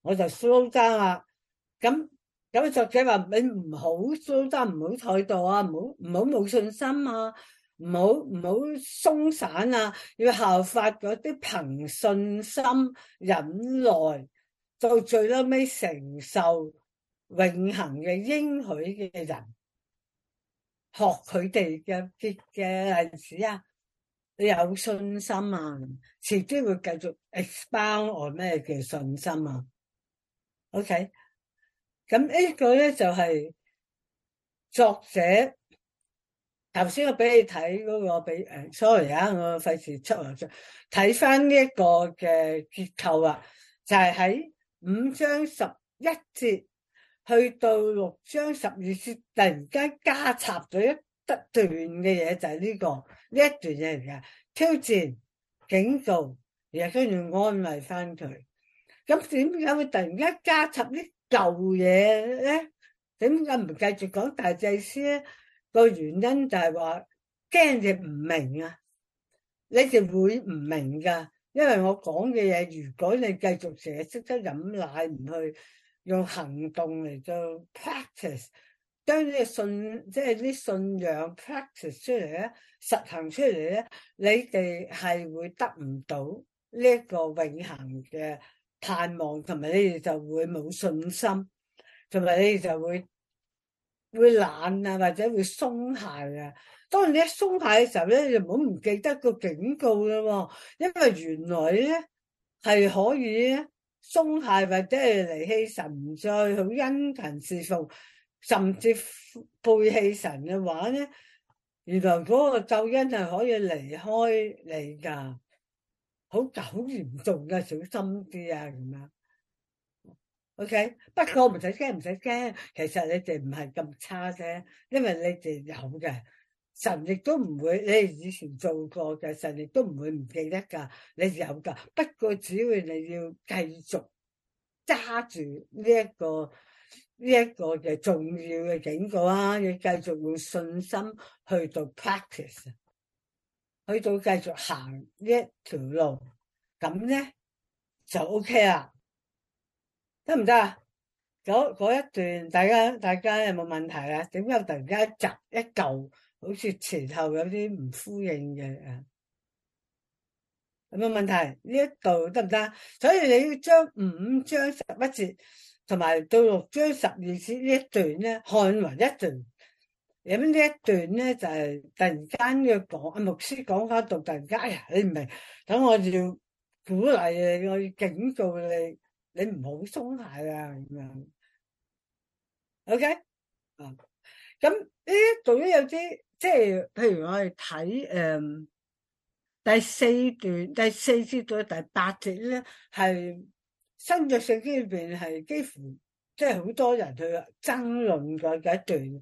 我就 slow down 啦，咁。有作者話，你唔好做得唔好態度啊，唔好唔好冇信心啊，唔好唔好鬆散啊，要效法嗰啲憑信心忍耐到最尾承受永恒嘅應許嘅人，學佢哋嘅嘅例子啊，有信心啊，遲啲會繼續 expand 我咩嘅信心啊，OK。咁呢個咧，就係作者頭先我俾你睇嗰，那個俾誒，sorry 啊，我費事出嚟，出，睇翻呢一個嘅結構啊，就係喺五章十一節去到六章十二節，突然間加插咗一一段嘅嘢，就係呢個呢一段嘢嚟㗎，挑戰、警告，然後跟住安慰翻佢。咁點解會突然間加插呢？舊嘢咧，點解唔繼續講大祭司咧？個原因就係話驚你唔明啊！你哋會唔明噶，因為我講嘅嘢，如果你繼續成日識得飲奶，唔去用行動嚟做 practice，將呢個信即係啲信仰 practice 出嚟咧，實行出嚟咧，你哋係會得唔到呢一個永恆嘅。盼望，同埋咧就會冇信心，同埋咧就會會懶啊，或者會鬆懈啊。當你一鬆懈嘅時候咧，你就唔好唔記得個警告喎，哦！因為原來咧係可以鬆懈或者係離棄神，唔再好殷勤侍奉，甚至背棄神嘅話咧，原來嗰個救恩係可以離開你噶。好就好嚴重嘅，小心啲啊，咁樣。O.K. 不過唔使驚，唔使驚，其實你哋唔係咁差啫，因為你哋有嘅神亦都唔會，你以前做過嘅神亦都唔會唔記得噶，你有噶。不過只要你要繼續揸住呢一個呢一個嘅重要嘅警告啊，要繼續用信心去到 practice。去到繼續行呢一條路，咁咧，就 OK 啊，得唔得啊？咁嗰一段，大家大家有冇問題啊？點解突然間窒一嚿，好似前頭有啲唔呼應嘅啊？有冇問題？呢一度得唔得？所以你要將五章十一節同埋到六章十二節呢一段咧，看為一段。咁呢一段咧，就係、是、突然間嘅講啊，牧師講翻讀，突然間呀。你唔係，等我哋要鼓勵你，我要警告你，你唔好鬆懈啊！咁樣，OK 啊、嗯？咁呢段有啲即係，就是、譬如我哋睇誒第四段、第四節到第八節咧，係新約聖經裏邊係幾乎即係好多人去爭論過嘅一段。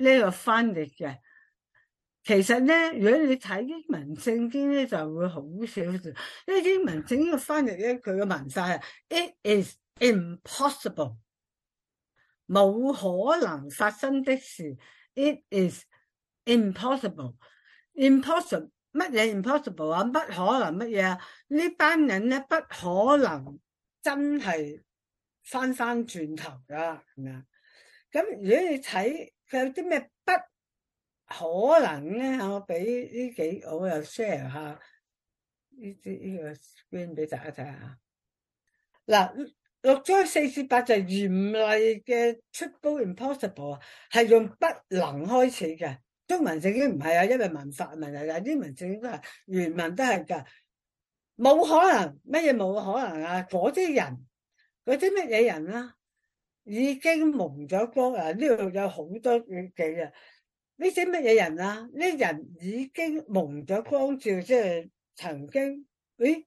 呢個翻譯嘅，其實咧，如果你睇英文聖經咧，就會好少少。因為英文聖經呢個翻譯咧，佢嘅文曬啊，it is impossible，冇可能發生的事。it is impossible，impossible 乜嘢 Imp？impossible 啊，不可能乜嘢、啊？呢班人咧不可能真係翻翻轉頭噶。咁如果你睇。佢有啲咩不可能咧？我俾呢幾，我又 share 下呢啲呢個片俾大家睇下。嗱，六章四至八就係嚴厲嘅，出乎 impossible 啊，係用不能開始嘅中文正經唔係啊，因為文法問題，但啲文正都係原文都係㗎，冇可能乜嘢冇可能啊！嗰啲人嗰啲乜嘢人啦、啊、～已經蒙咗光啊！呢度有好多嘅嘅啊！呢啲乜嘢人啊？呢人已經蒙咗光照，即係曾經誒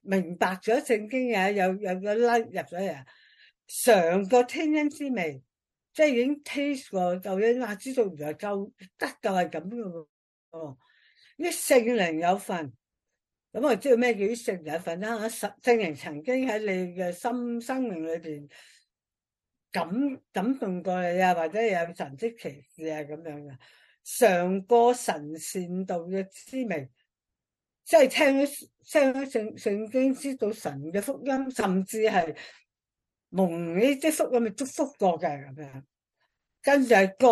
明白咗聖經嘅、啊，有有個拉入咗嚟啊！嘗過天恩滋味，即係已經 taste 過，就已經啊知道原來夠得就係咁嘅喎。一聖靈有份，咁我知道咩叫啲聖靈有份啊？聖聖靈曾經喺你嘅心生命裏邊。感感動過你啊，或者有神蹟奇事啊咁樣嘅，上過神善道嘅滋味，即係聽咗聽咗聖聖經，知道神嘅福音，甚至係蒙呢啲福音咪祝福過嘅咁樣，跟住係覺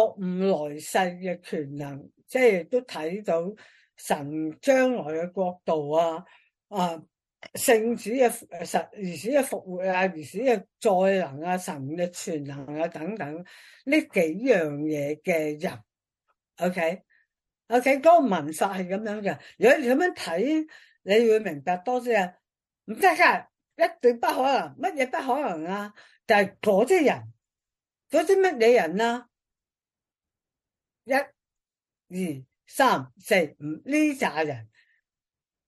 悟來世嘅權能，即係都睇到神將來嘅國度啊啊！聖子嘅實、耶穌嘅復活啊，耶穌嘅再臨啊，神嘅全能啊，等等呢幾樣嘢嘅人，OK，OK，okay? okay? 嗰個文法係咁樣嘅，如果你咁樣睇，你會明白多啲啊，唔得噶，一定不可能，乜嘢不可能啊？但係嗰啲人，嗰啲乜嘢人啦、啊？一、二、三、四、五呢？扎人。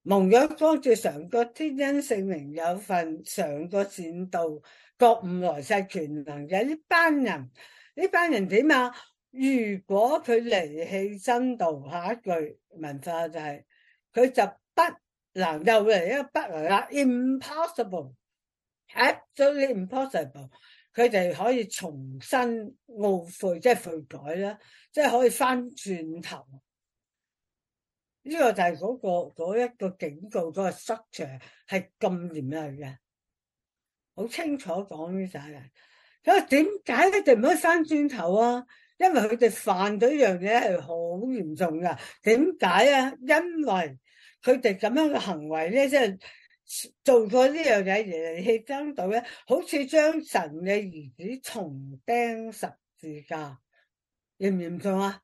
蒙養光住上個天恩聖靈有份上個善道覺悟來世權能嘅呢班人，呢班人點啊？如果佢離棄真道，下一句文化就係佢就不能又嚟，一不能啦，impossible，absolutely impossible，佢哋 impossible 可以重新懊悔，即、就、係、是、悔改啦，即、就、係、是、可以翻轉頭。呢個就係嗰個，嗰一個警告，嗰個跡象係咁嚴厲嘅，好清楚講啲晒嘅。所以點解佢哋唔可以翻轉頭啊？因為佢哋犯咗一樣嘢係好嚴重噶。點解啊？因為佢哋咁樣嘅行為咧，即係做咗呢樣嘢嚟嚟去爭到咧，好似將神嘅兒子重釘十字架，嚴唔嚴重啊？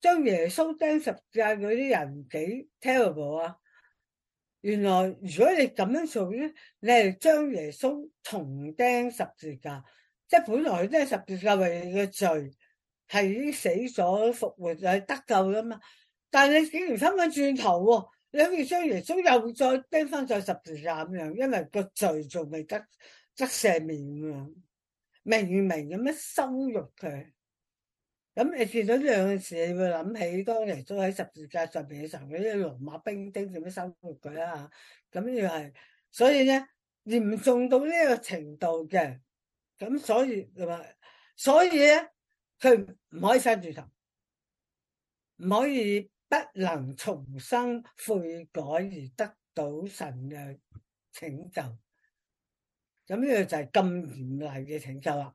將耶穌釘十字架嗰啲人幾 terrible 啊！原來如果你咁樣做咧，你係將耶穌重釘十字架，即係本來釘十字架為你嘅罪係已經死咗復活又得救噶嘛，但係你竟然翻返轉頭喎、啊，你又將耶穌又再釘翻再十字架咁樣，因為個罪仲未得得赦免啊！明唔明？有咩羞辱佢？咁你見到呢兩件事，你會諗起當年都喺十字架上邊嘅時候，嗰啲羅馬兵丁點樣收服佢啦？咁要係，所以咧嚴重到呢個程度嘅，咁所以話，所以咧佢唔可以伸住頭，唔可以不能重生悔改而得到神嘅拯救。咁呢個就係咁嚴厲嘅拯救啦。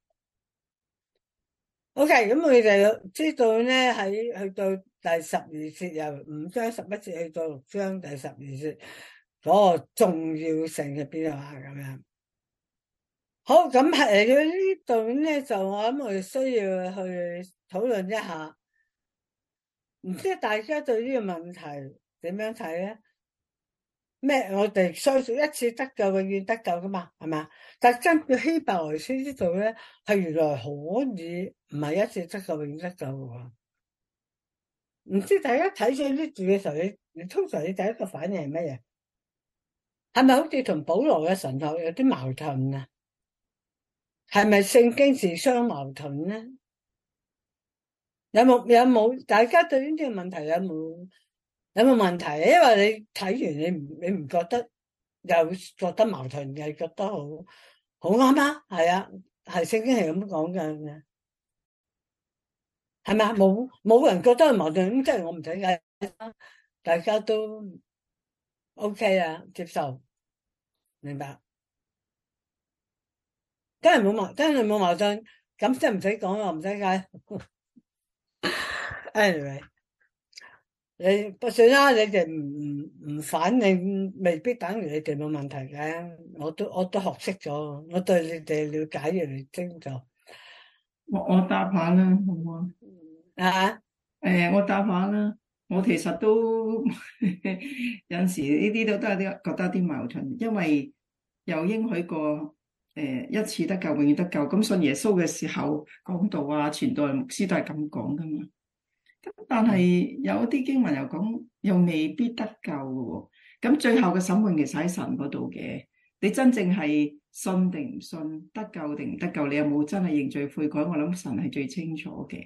OK，咁我哋知道咧，喺去到第十二節，由五章十一節去到六章第十二節，嗰、嗰個重要性係邊度啊？咁樣好，咁係呢度咧就我諗我哋需要去討論一下，唔知大家對呢個問題點樣睇咧？咩？我哋相信一次得救永遠得救噶嘛？係咪？但真嘅希伯來書呢度咧，係原來可以唔係一次得救永得救嘅喎。唔知大家睇咗呢住嘅時候，你通常你第一個反應係乜嘢？係咪好似同保羅嘅神學有啲矛盾啊？係咪聖經自相矛盾咧？有冇有冇？大家對呢啲嘅問題有冇有冇問題？因為你睇完你唔你唔覺得，唔覺得又覺得矛盾，又覺得好。好啱啊，係啊，係聖經係咁講嘅，係咪啊？冇冇人覺得係矛盾咁，即係我唔使解，大家都 OK 啊，接受明白，真係冇矛，真係冇矛盾，咁即係唔使講，又唔使解。 [laughs] Anyway。你不信啦，你哋唔唔反應，你未必等於你哋冇問題嘅。我都我都學識咗，我對你哋了解越嚟精咗。我我答下啦，好唔好啊？啊、欸？我答下啦。我其實都 [laughs] 有時呢啲都都有啲覺得有啲矛盾，因為又應許過誒、欸、一次得救，永遠得救。咁信耶穌嘅時候講道啊，傳道牧師都係咁講噶嘛。但係有啲經文又講又未必得救嘅，哦，咁最後嘅審判其實喺神嗰度嘅。你真正係信定唔信，得救定唔得救，你有冇真係認罪悔改？我諗神係最清楚嘅。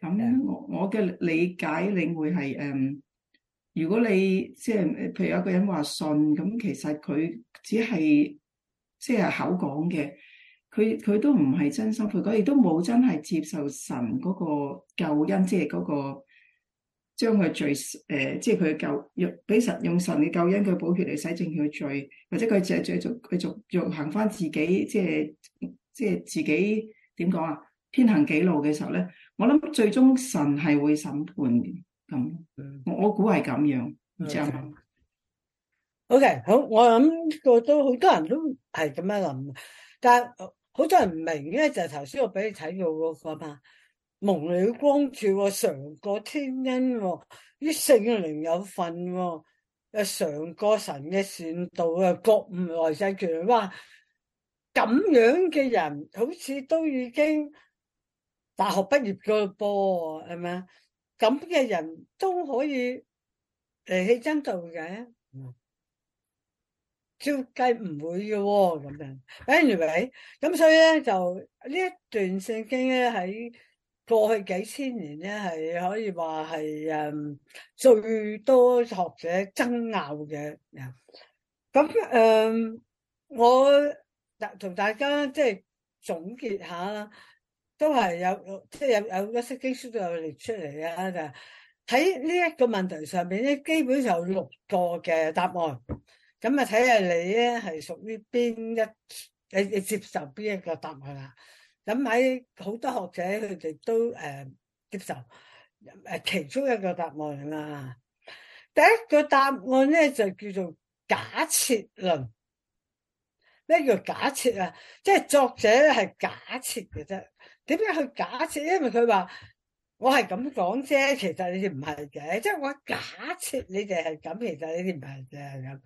咁我我嘅理解領會係，誒，如果你即係譬如有個人話信，咁其實佢只係即係口講嘅。佢佢都唔係真心，佢亦都冇真係接受神嗰個救恩，即係嗰個將佢罪誒，即係佢救用俾神用神嘅救恩，佢寶血嚟洗淨佢罪，或者佢只係繼續佢續續行翻自己，即係即係自己點講啊？偏行己路嘅時候咧，我諗最終神係會審判咁、mm. 我我估係咁樣，Okay. 知啊？OK，好，我諗個都好多人都係咁樣諗，但。好多人唔明咧，就係頭先我俾你睇到嗰，那個嘛，蒙女光照，嘗過天恩，啲聖靈有份，誒，嘗過神嘅善道啊，覺悟來世權話，咁樣嘅人好似都已經大學畢業咗噃，係咪咁嘅人都可以誒起真道嘅？照計唔會嘅喎，啊，咁樣，anyway，咁所以咧就呢一段聖經咧喺過去幾千年咧係可以話係誒最多學者爭拗嘅。咁誒，我同大家即係總結下啦，都係有即係有有一些經書都有列出嚟啊。喺呢一個問題上邊咧，基本上有六個嘅答案。咁啊，睇下你咧係屬於邊一，你你接受邊一個答案啊？咁喺好多學者佢哋都誒接受誒其中一個答案啊。第一個答案咧就叫做假設論，咩叫假設啊？即係作者係假設嘅啫。點解去假設？因為佢話。我係咁講啫，其實你哋唔係嘅，即係我假設你哋係咁，其實你哋唔係嘅係咁。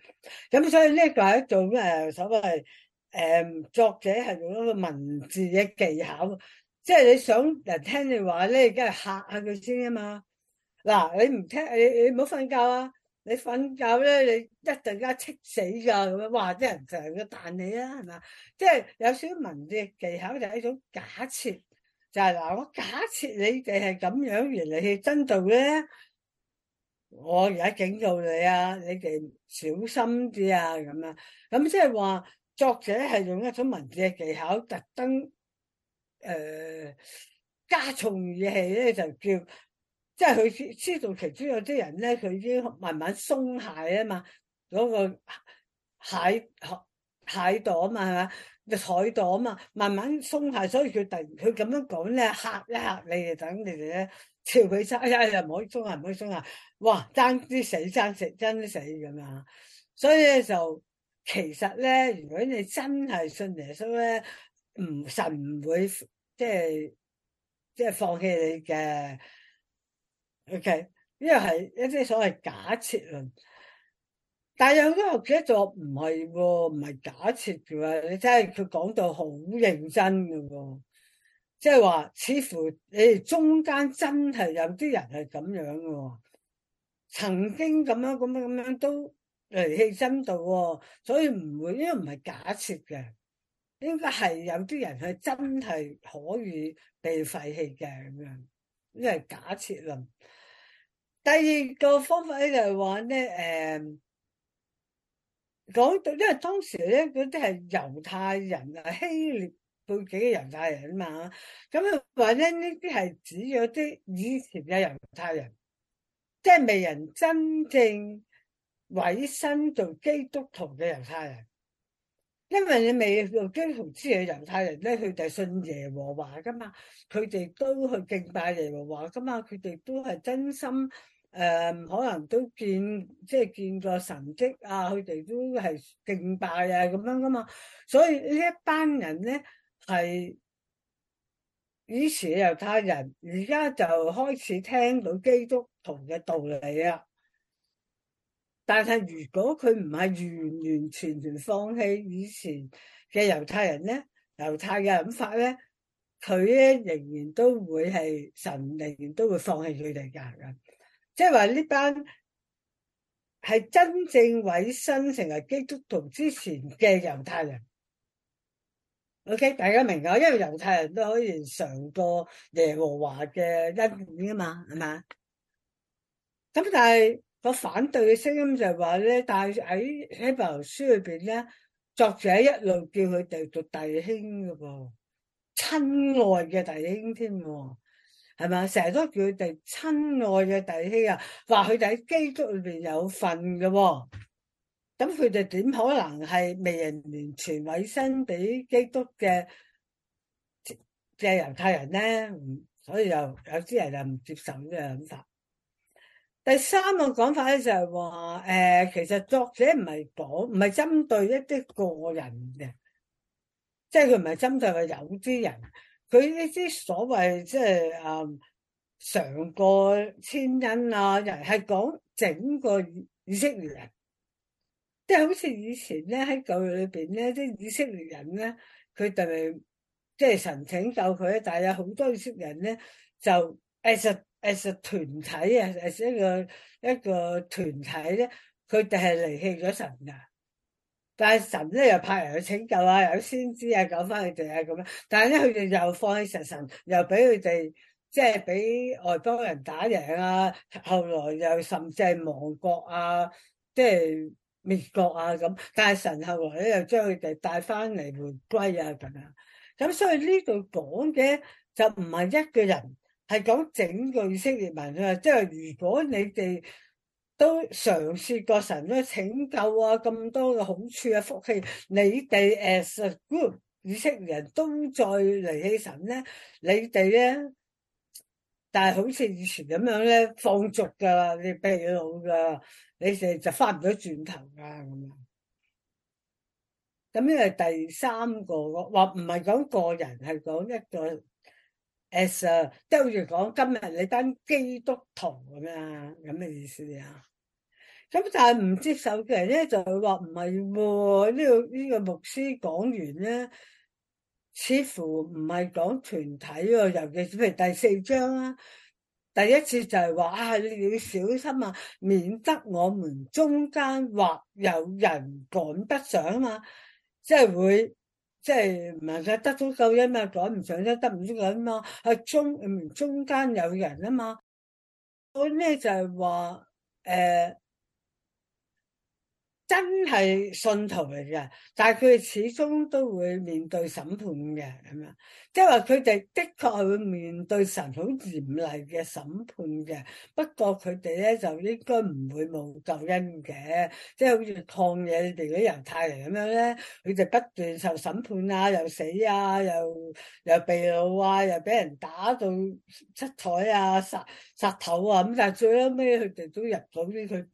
咁所以呢就係一種誒，所謂誒、嗯、作者係用一個文字嘅技巧，即係你想人聽你話咧，梗係嚇下佢先啊嘛。嗱，你唔聽，你你唔好瞓覺啊！你瞓覺咧，你一陣間戚死噶咁樣，哇！啲人成日彈你啦，係嘛？即係有少少文字嘅技巧就係一種假設。就係、是、嗱，我假設你哋係咁樣，原來係真道咧，我而家警告你啊，你哋小心啲啊，咁樣。咁即係話作者係用一種文字嘅技巧，特登誒加重語氣咧，就叫即係佢知道其中有啲人咧，佢已經慢慢鬆懈啊嘛，嗰、那個懈懈哋啊嘛，係嘛？.就喺度啊嘛，慢慢鬆下，所以佢突然佢咁樣講咧嚇一嚇你哋，等你哋咧朝佢出，哎呀唔好鬆下，唔好鬆下，哇爭啲死爭食爭啲死咁樣，所以就其實咧，如果你真係信耶穌咧，唔神唔會即係即係放棄你嘅，OK，呢個係一啲所謂假設論。但有好多學者就話唔係喎，唔係假設嘅，你真係佢講到好認真嘅，即係話似乎你哋中間真係有啲人係咁樣嘅，曾經咁樣咁樣咁樣都離棄真道，所以唔會，因為唔係假設嘅，應該係有啲人係真係可以被廢棄嘅咁樣，呢個係假設論。第二個方法咧就係話咧，誒。講到因為當時咧嗰啲係猶太人啊，希臘背景嘅猶太人啊嘛，咁佢話咧呢啲係指咗啲以前嘅猶太人，即係未人真正委身做基督徒嘅猶太人，因為你未做基督徒之前嘅猶太人咧，佢就信耶和華噶嘛，佢哋都去敬拜耶和華噶嘛，佢哋都係真心。誒，可能都見即係、就是、見過神跡啊，佢哋都係敬拜啊，咁樣噶嘛。所以這一呢一班人咧係以前嘅猶太人，而家就開始聽到基督徒嘅道理啊。但係如果佢唔係完完全全放棄以前嘅猶太人咧，猶太嘅諗法咧，佢咧仍然都會係神，仍然都會，都會放棄佢哋嘅人的。即係話呢班係真正委身成為基督徒之前嘅猶太人，OK，大家明噶，因為猶太人都可以嘗過耶和華嘅恩典啊嘛，係嘛？咁但係個反對嘅聲音就係話咧，但係喺喺《希伯來書》裏邊咧，作者一路叫佢哋做弟兄嘅噃，哦，親愛嘅弟兄添，哦。係咪？成日都叫佢哋親愛嘅弟兄啊，話佢哋喺基督裏邊有份嘅，咁佢哋點可能係未能完全委身俾基督嘅嘅猶太人咧？所以又有啲人就唔接受呢個諗法。第三個講法咧就係話，誒，其實作者唔係講，唔係針對一啲個人嘅，即係佢唔係針對話有啲人。佢呢啲所謂即係誒嘗過天恩啊，係講整個以色列人，即係好似以前咧喺教會裏邊咧，啲以色列人咧，佢哋即係神拯救佢，但係有好多以色列人咧，就 as as a 團體啊，一個一個團體咧，佢哋係離棄咗神啊。但係神咧又派人去拯救啊，有先知啊，救翻佢哋啊咁樣。但係咧佢哋又放棄神，神又俾佢哋即係俾外邦人打贏啊。後來又甚至係亡國啊，即係滅國啊咁。但係神後來咧又將佢哋帶翻嚟回歸啊咁樣。咁所以呢度講嘅就唔係一個人，係講整個以色列民族。即係如果你哋。都嘗試過神咧拯救啊，咁多嘅好處啊福氣，你哋誒，group 以色列人都再嚟起神咧，你哋咧，但係好似以前咁樣咧放逐噶，你被擄噶，你哋就翻唔到轉頭噶咁樣。咁呢係第三個，話唔係講個人，係講一個。S，好似講今日你當基督徒咁啊，咁嘅意思啊？咁但係唔接受嘅人咧就話唔係喎，呢個呢個牧師講完咧，似乎唔係講團體啊，尤其譬如第四章啊，第一次就係話啊，你要小心啊，免得我們中間或有人趕不上啊嘛，即係會。即係唔係想得到救恩啊？趕唔上啫，得唔到救恩嘛？係中中間有人啊，嘛，我咧就係話誒。真係信徒嚟嘅，但係佢哋始終都會面對審判嘅咁樣，即係話佢哋的確係會面對神好嚴厲嘅審判嘅。不過佢哋咧就應該唔會冇救恩嘅，即係好似抗嘢你哋嗰啲猶太人咁樣咧，佢哋不斷受審判啊，又死啊，又又被捕啊，又俾人打到七彩啊，殺殺頭啊咁。但係最後尾，佢哋都入到呢。佢。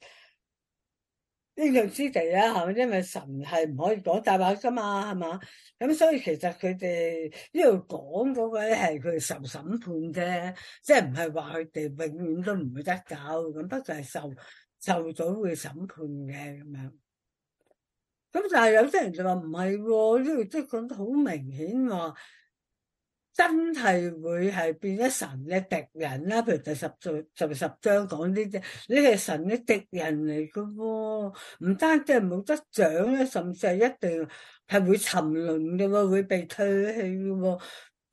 呢種之地啊，係咪？因為神係唔可以講大話噶嘛，係嘛？咁所以其實佢哋呢度講到嘅係佢受審判啫，即係唔係話佢哋永遠都唔會得救，咁不就係受受咗會審判嘅咁樣。咁但係有啲人就話唔係喎，呢度即係講得好明顯真係會係變咗神嘅敵人啦，譬如第十章，十章講呢啲，呢係神嘅敵人嚟噶喎。唔單止係冇得獎咧，甚至係一定係會沉淪噶喎，會被退棄噶喎。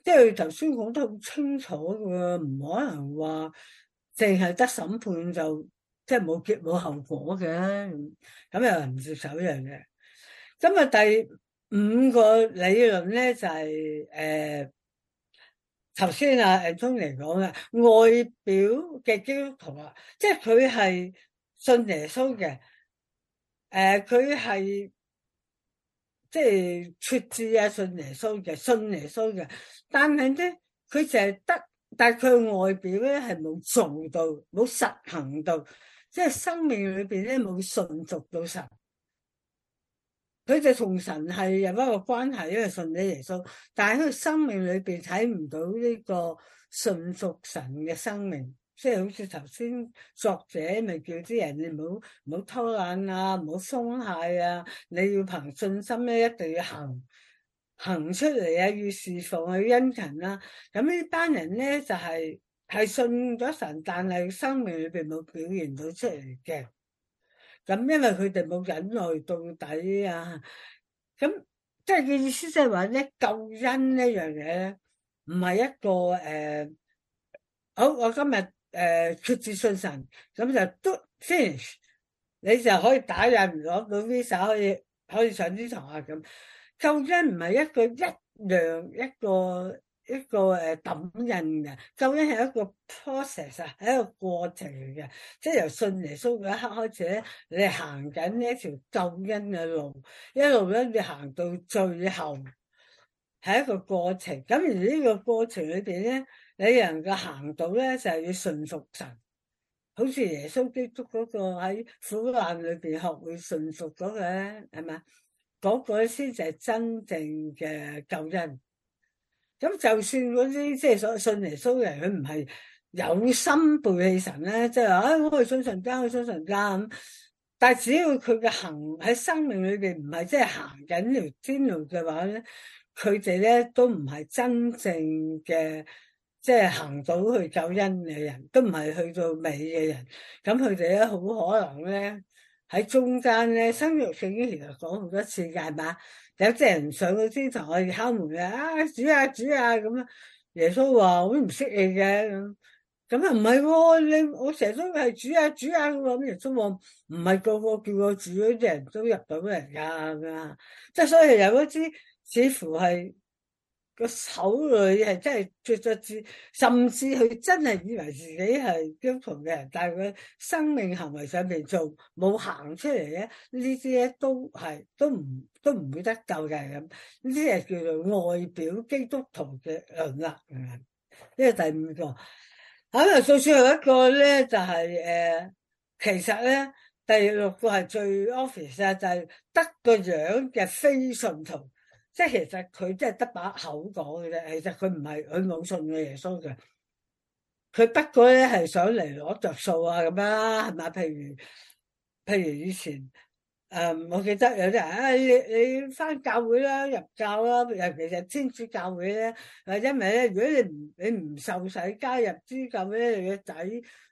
即係佢頭先講得好清楚噶，唔可能話淨係得審判就即係冇結冇後果嘅。咁又唔接受樣嘅。咁啊，第五個理論咧就係、是、誒。欸頭先啊，林聰嚟講啊，外表嘅基督徒啊，即係佢係信耶穌嘅，誒佢係即係出自啊信耶穌嘅，信耶穌嘅，但係咧佢就係得，但係佢外表咧係冇做到，冇實行到，即係生命裏邊咧冇順服到神。佢就同神係有一個關係，因為信咗耶穌，但係佢生命裏邊睇唔到呢個信服神嘅生命，即係好似頭先作者咪叫啲人你唔好唔好偷懶啊，唔好鬆懈啊，你要憑信心咧一定要行行出嚟啊，要侍奉去殷勤啦、啊。咁呢班人咧就係、是、係信咗神，但係生命裏邊冇表現到出嚟嘅。咁因為佢哋冇忍耐到底啊，咁即係嘅意思即係話咧，救恩呢樣嘢咧，唔係一個誒、欸，好我今日誒決志信神，咁就都 finish，你就可以打印攞到 visa 可以可以上天堂啊咁。救恩唔係一個一樣一個。一一個誒揼印嘅，救恩係一個 process 啊，係一個過程嚟嘅，即係由信耶穌嗰一刻開始咧，你行緊呢一條救恩嘅路，一路咧要行到最後，係一個過程。咁而呢個過程裏邊咧，你能夠行到咧，就係、是、要順服神。好似耶穌基督嗰個喺苦難裏邊學會順服咗嘅，係咪？嗰、那個先至係真正嘅救恩。咁就算嗰啲即係所信耶穌嘅人，佢唔係有心背棄神咧，即係啊，我去信神家，我信神家咁。但係只要佢嘅行喺生命裏邊唔係即係行緊條天路嘅話咧，佢哋咧都唔係真正嘅，即係行到去救恩嘅人，都唔係去到尾嘅人。咁佢哋咧好可能咧喺中間咧，生育聖經其實講好多次芥嘛有啲人上先就可以敲門嘅。啊，主啊主啊，咁啊樣！耶穌話：我唔識你嘅咁，咁啊唔係喎，你、哦、我成日都係主啊主啊。咁、啊。耶穌話：唔係個個叫我主嗰啲人都，都入到嚟㗎。噶。即係所以有支，似乎係。個手裏係真係着着，甚至佢真係以為自己係基督徒嘅人，但係佢生命行為上邊做冇行出嚟咧，呢啲咧都係都唔都唔會得救嘅，咁。呢啲係叫做外表基督徒嘅人啦，呢、這個第五個。可能最算有一個咧，就係、是、誒，其實咧第六個係最 office 嘅，就係、是、得個樣嘅非信徒。即係其實佢即係得把口講嘅啫，其實佢唔係佢冇信嘅耶穌嘅，佢不過咧係想嚟攞着數啊咁啊，係咪？譬如譬如以前。誒，um, 我記得有啲人啊、哎，你你翻教會啦，入教啦，尤其係天主教會咧，係因為咧，如果你唔你唔受洗加入天主教咧，你嘅仔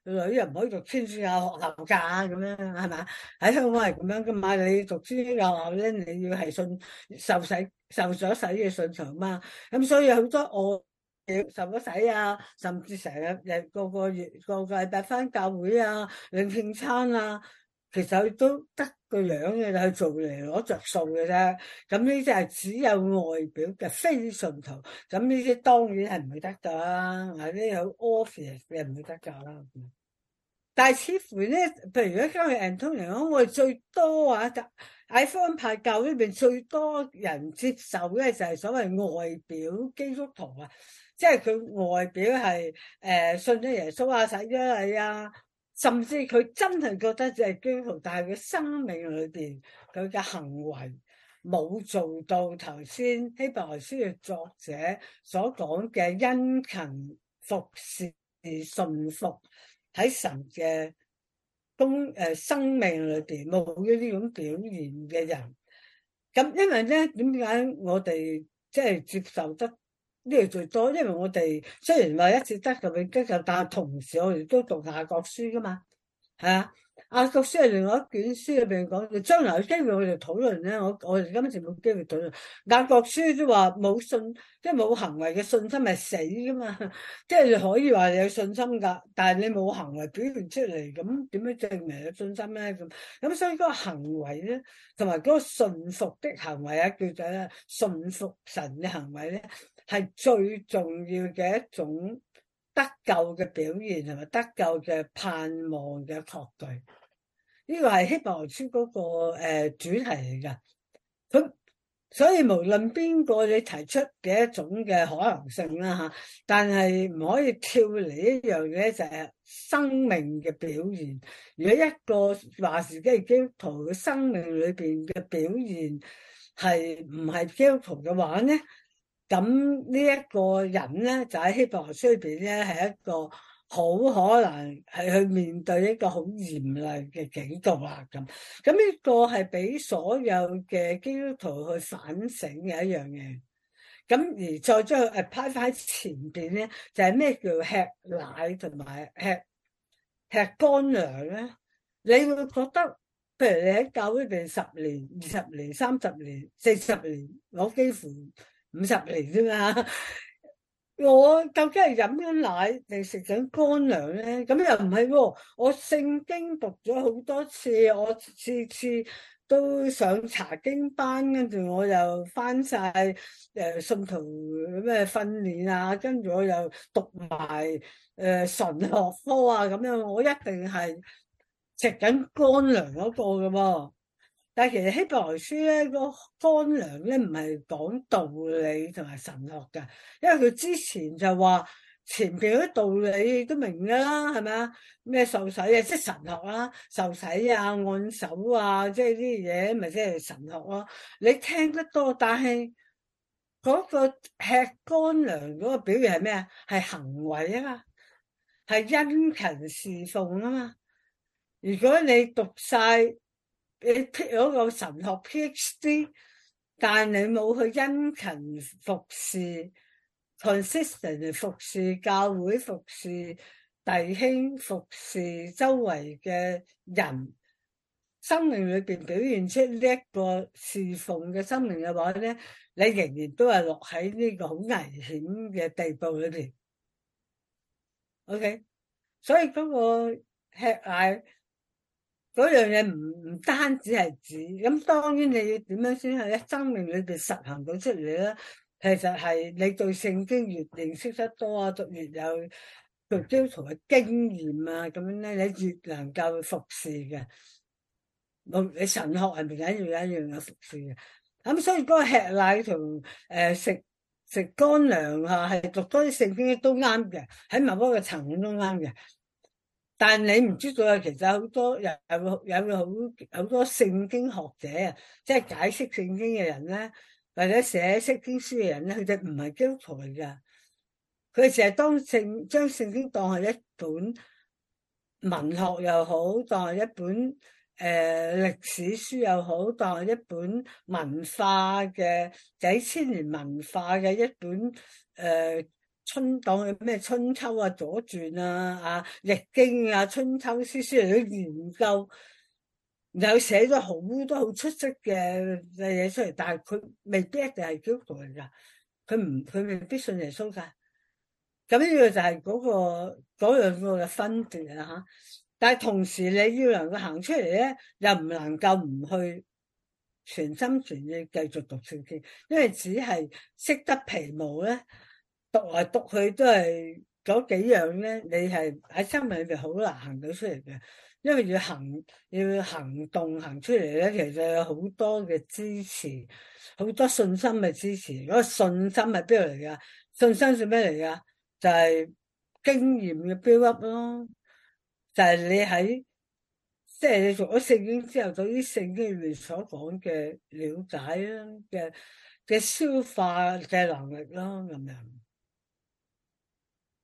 女又唔可以讀天主教學校噶，咁樣係嘛？喺香港係咁樣噶嘛？你讀天主教學校咧，你要係信受洗受咗洗嘅信長嘛？咁所以好多我受咗洗啊，甚至成日日個個月個個禮拜翻教會啊，領聖餐啊。其實佢都得個樣嘅，去做嚟攞着數嘅啫。咁呢啲係只有外表嘅非信徒。咁呢啲當然係唔會得噶，嗱啲有 office 嘅唔會得噶啦。但係似乎咧，譬如而家香港人通常講，我最多啊，喺福音派教呢邊最多人接受嘅就係所謂外表基督徒、就是呃、啊，即係佢外表係誒信咗耶穌啊，使咗禮啊。甚至佢真係覺得即係驕傲，但係佢生命裏邊佢嘅行為冇做到頭先希伯來書嘅作者所講嘅殷勤服侍而順服喺神嘅公誒生命裏邊冇呢啲咁表現嘅人，咁因為咧點解我哋即係接受得？呢個最多，因為我哋雖然話一次得就永得嘅，但同時我哋都讀亞各書嘅嘛係啊。亞各書係另外一卷書裏邊講，將來有機會我哋討論咧。我我哋今時冇機會討論亞各書，即係話冇信，即冇行為嘅信心係死嘅嘛。即係可以話有信心㗎，但你冇行為表現出嚟，咁點樣證明有信心咧？咁咁所以嗰個行為咧，同埋嗰個信服嘅行為啊，叫做咧信服神嘅行為咧。係最重要嘅一種得救嘅表現，同埋得救嘅盼望嘅確據。呢個係希伯來書嗰個誒主題嚟噶。所以無論邊個你提出嘅一種嘅可能性啦吓，但係唔可以跳嚟一樣嘢就係生命嘅表現。如果一個話自己係基督徒嘅生命裏邊嘅表現係唔係基督徒嘅話呢？咁呢，呢一個人咧，就喺希伯來書裏邊咧，係一個好可能係去面對一個好嚴厲嘅警告啊！咁，咁呢個係俾所有嘅基督徒去反省嘅一樣嘢。咁而再將佢誒擺翻喺前邊咧，就係咩叫吃奶同埋吃吃乾糧咧？你會覺得，譬如你喺教會入面十年、二十年、三十年、四十年，我幾乎。五十年啫嘛，我究竟係飲緊奶定食緊乾糧咧？咁又唔係喎。我聖經讀咗好多次，我次次都上查經班，跟住我又翻晒誒信徒咩訓練啊，跟住我又讀埋誒神學科啊，咁樣我一定係食緊乾糧嗰個噶噃。但其實希伯來書咧個乾糧咧唔係講道理同埋神學嘅，因為佢之前就話前面嗰啲道理都明啦，係咪啊？咩受洗啊，即、就是、神學呀，受洗啊，按手啊，即係啲嘢咪即係神學咯。你聽得多，但係嗰個吃乾糧嗰個表現係咩啊？係行為啊嘛，係殷勤侍奉啊嘛。如果你讀晒。你 pick 個神學 PhD，但你冇去殷勤服侍，consistent 服侍教會、服侍弟兄、服侍周圍嘅人，生命裏邊表現出呢一個侍奉嘅生命嘅話咧，你仍然都係落喺呢個好危險嘅地步裏邊。OK，所以嗰個吃奶。嗰樣嘢唔唔單止係指，咁當然你要點樣先係喺生命裏邊實行到出嚟咧？其實係你對聖經越認識得多啊，讀越有讀經途嘅經驗啊，咁樣咧，你越能夠服侍嘅。你神學入面一樣一樣有服侍嘅，咁所以嗰個吃奶同、呃、食食乾糧啊，係讀多啲聖經都啱嘅，喺某一個層面都啱嘅。但你唔知道啊，其實有有好多有有有好好多聖經學者啊，即係解釋聖經嘅人咧，或者寫釋經書嘅人咧，佢哋唔係基督徒嚟噶，佢哋成日當聖將聖經當係一本文學又好，當係一本誒、呃、歷史書又好，當係一本文化嘅幾千年文化嘅一本誒。呃春黨嘅咩春秋啊左傳啊啊易經啊春秋詩書嚟都研究，有寫咗好多好出色嘅嘢出嚟，但係佢未必一定係基督徒嚟噶，佢唔佢未必信耶穌噶。咁呢個就係嗰個嗰樣嘅分別啦吓。但係同時你要個能夠行出嚟咧，又唔能夠唔去全心全意繼續讀聖經，因為只係識得皮毛咧。讀嚟讀去都係嗰幾樣咧，你係喺生命裏面好難行到出嚟嘅，因為要行要行動行出嚟咧，其實有好多嘅支持，好多信心嘅支持。嗰、那個信心係邊度嚟噶？信心係咩嚟噶？就係、是、經驗嘅 build up 咯，就係、是、你喺即係你做咗聖經之後，對於聖經裏面所講嘅了解啦嘅嘅消化嘅能力咯，咁樣。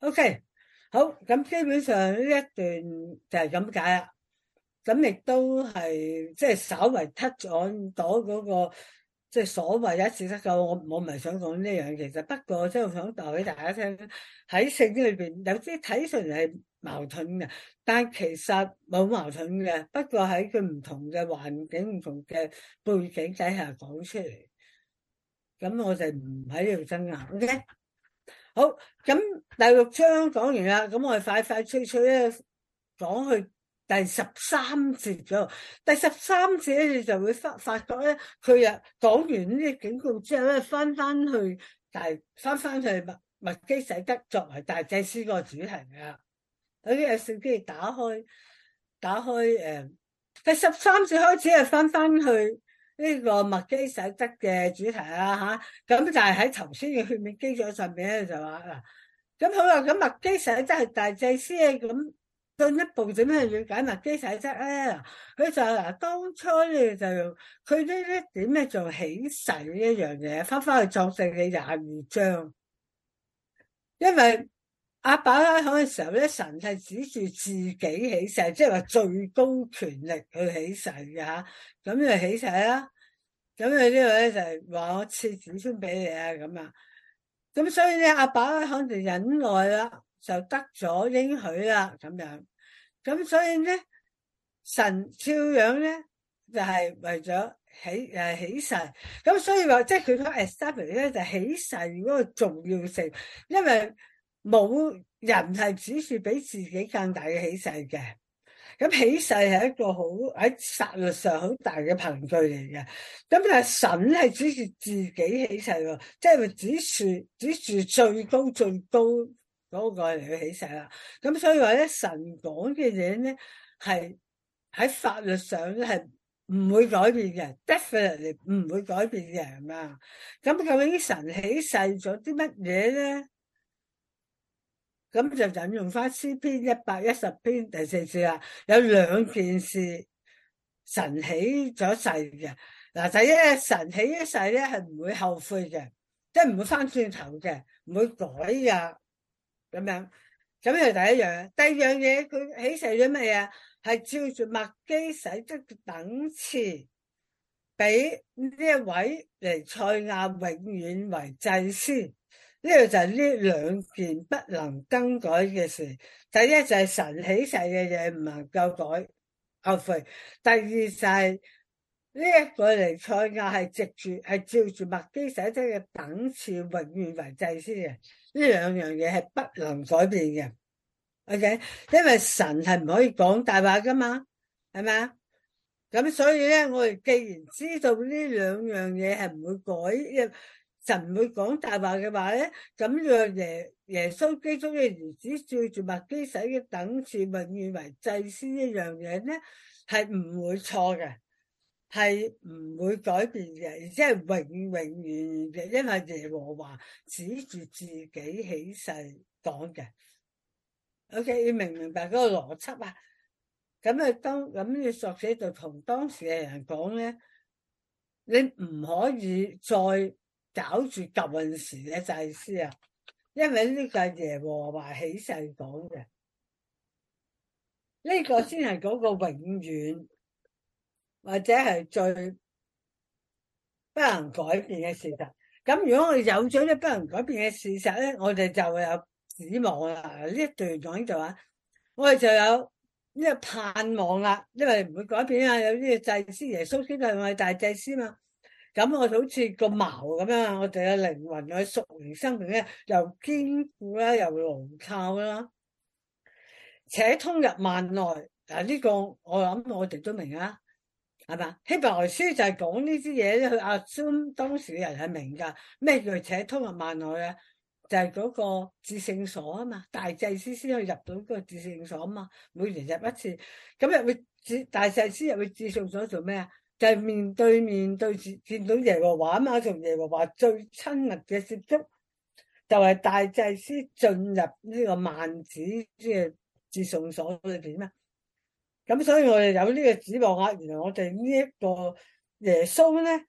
OK，好，咁基本上呢一段就係咁解啦。咁亦都係即係稍為 cut 咗，躲嗰個即係所謂一次得救。我我唔係想講呢樣。其實不過、就是、我真係想話俾大家聽，喺聖經裏邊有啲睇上嚟係矛盾嘅，但係其實冇矛盾嘅。不過喺佢唔同嘅環境、唔同嘅背景底下講出嚟，咁我就唔喺呢度爭拗。O K。好，咁第六章講完啦，咁我哋快快脆脆咧，講去第十三節咗。第十三節咧，你就會發發覺咧，佢啊講完呢啲警告之後咧，翻翻去大翻翻去麥麥基洗德作為大祭司個主題啦。有啲有手機打開，打開誒、嗯，第十三節開始啊，翻翻去。呢個麥基洗德嘅主題啊吓，咁、啊、就係喺頭先嘅血面基礎上面咧，就話嗱，咁好啦，咁麥基洗德係大祭司咧，咁進一步點樣去理解麥基洗德咧？佢就嗱當初咧就用佢呢啲點樣做起誓呢一樣嘢，翻翻去創世記廿二章，因為。阿爸咧，響嘅時候咧，神係指住自己起誓，即係話最高權力去起誓嘅吓，咁就起誓啦，咁佢呢個咧就係、是、話我賜子孫俾你啊咁啊，咁所以咧阿爸咧肯定忍耐啦，就得咗應許啦咁樣，咁所以咧神照樣咧就係、是、為咗起誒起誓，咁所以話即係佢嘅 establish 咧就是他的呢就是、起誓嗰個重要性，因為。冇人係指住比自己更大嘅起勢嘅，咁起勢係一個好喺法律上好大嘅憑據嚟嘅。咁但係神係指住自己起勢喎，即係話指住指住最高最高嗰個嚟嘅起勢啦。咁所以說說話咧，神講嘅嘢咧係喺法律上係唔會改變嘅，definitely 唔會改變嘅嘛。咁究竟神起勢咗啲乜嘢咧？咁就引用翻詩篇一百一十篇第四節啦，有兩件事神起咗世嘅嗱，就神起咗世咧係唔會後悔嘅，即係唔會翻轉頭嘅，唔會改呀。咁樣。咁又第一樣，第二樣嘢佢起世咗乜嘢？係照住麥基洗德等次，俾呢一位尼賽亞永遠為祭司。呢個就係呢兩件不能更改嘅事。第一就係神起誓嘅嘢唔能夠改、後悔。第二就係呢一個嚟賽亞係藉住、係照住麥基洗德嘅等次永遠為祭司嘅。呢兩樣嘢係不能改變嘅。O.K.，因為神係唔可以講大話噶嘛，係咪啊？咁所以咧，我哋既然知道呢兩樣嘢係唔會改嘅。神唔會講大話嘅話咧，咁樣耶耶穌基督嘅兒子照住麥基洗克等次永遠為祭司一樣嘢咧，係唔會錯嘅，係唔會改變嘅，而且係永永遠遠嘅，因為耶和華指住自己起誓講嘅。O.K. 你明唔明白嗰個邏輯啊，咁啊當咁嘅作者就同當時嘅人講咧，你唔可以再。找住及運時嘅祭司啊，因為呢個是耶和華起誓講嘅，呢個先係嗰個永遠或者係最不能改變嘅事實。咁如果我哋有咗呢不能改變嘅事實咧，我哋就會有指望啦。呢一段講就話，我哋就有呢個盼望啦，因為唔會改變啊。有啲祭司、耶穌先係大祭司嘛。咁我就好似個錨咁樣，我哋嘅靈魂嘅屬靈生命咧，又堅固啦，又牢靠啦，且通入幔內。嗱、這、呢個我諗我哋都明啊，係嘛？希伯來書就係講呢啲嘢咧。阿宗當時嘅人係明噶，咩叫且通入幔內啊？就係、是、嗰個至聖所啊嘛，大祭司先可以入到個至聖所啊嘛，每年入一次。咁又會自大祭司又會至聖所做咩啊？就係面對面對見見到耶和華啊嘛，同耶和華最親密嘅接觸，就係、是、大祭司進入呢個幔子嘅至聖所裏邊咩？咁所以我哋有呢個指望啊，原來我哋呢一個耶穌咧。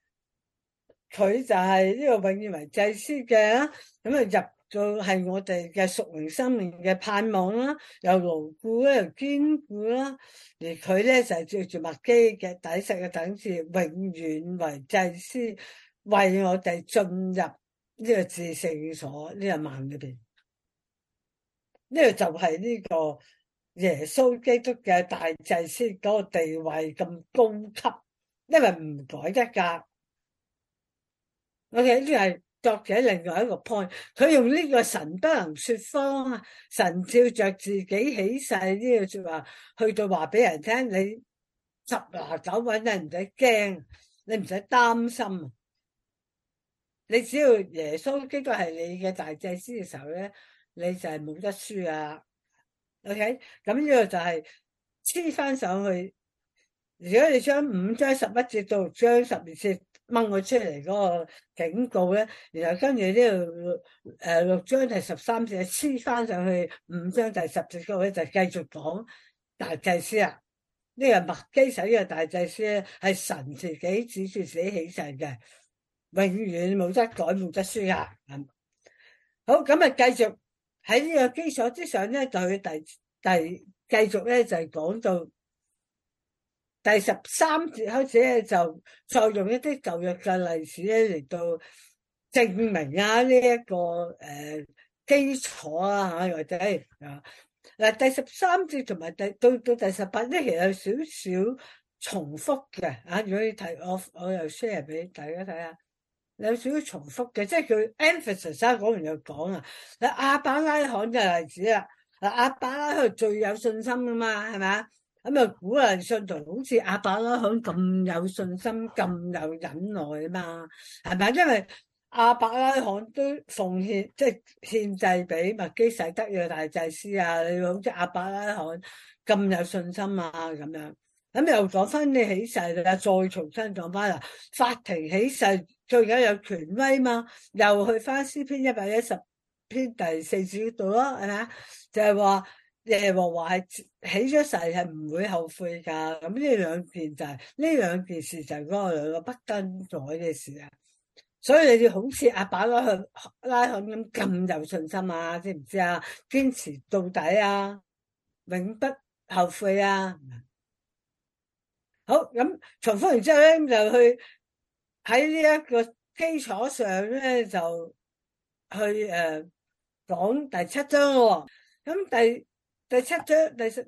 佢就係呢個永遠為祭司嘅，咁啊入到係我哋嘅屬靈生命嘅盼望啦，又牢固又堅固啦。而佢咧就係、是、著住麥基洗德嘅等次，永遠為祭司，為我哋進入呢個至聖所呢、這個幔裏邊。呢、這個、就係呢個耶穌基督嘅大祭司嗰個地位咁高級，因為唔改一格。O.K. 呢個係作者另外一個 point，佢用呢個神不能說謊啊，神照着自己起誓呢個說話去到話俾人聽，你十拿九穩，你唔使驚，你唔使擔心，你只要耶穌基督係你嘅大祭司嘅時候咧，你就係冇得輸啊。O.K. 咁呢個就係黐翻上去，如果你將五章十一節到六章十二節。掹佢出嚟嗰個警告咧，然後跟住呢，誒六章第十三隻黐返上去，五章第十隻位就繼續講大祭司啊，呢、這個墨基洗嘅大祭司咧係神自己指住自己起誓嘅，永遠冇得改冇得書啊！好，咁啊繼續喺呢個基礎之上咧，就去第第繼續咧就係講到。第十三節開始咧，就再用一啲舊約嘅例子咧嚟到證明啊呢一個誒基礎啊吓，或者啊嗱，第十三節同埋第到到第十八咧，其實有少少重複嘅啊，如果你睇，我我又 share 俾大家睇下，有少少重複嘅，即係佢 emphasis 啊，講完就講啊，阿爸拉罕嘅例子啦，嗱阿爸拉佢最有信心噶嘛，係咪啊？咁啊，古人信徒好似阿伯拉罕咁有信心、咁有忍耐啊嘛，係咪？因為阿伯拉罕都奉獻，即係獻祭俾麥基洗德嘅大祭司啊，你好似阿伯拉罕咁有信心啊，咁樣。咁又講翻你起誓啦，再重新講翻啦，法庭起誓，最緊有，有權威嘛。又去返《詩篇》一百一十篇第四節度咯，係咪？就係話。耶和華話話係起咗誓，係唔會後悔噶咁呢兩件就係呢兩件事就係嗰兩個不更改嘅事啊！所以你哋好似阿爸拉去拉罕咁咁有信心啊？知唔知啊？堅持到底啊，永不後悔啊！好，咁重複完之後咧，就去喺呢一個基礎上咧，就去誒講第七章咯。咁，第。第七章，第十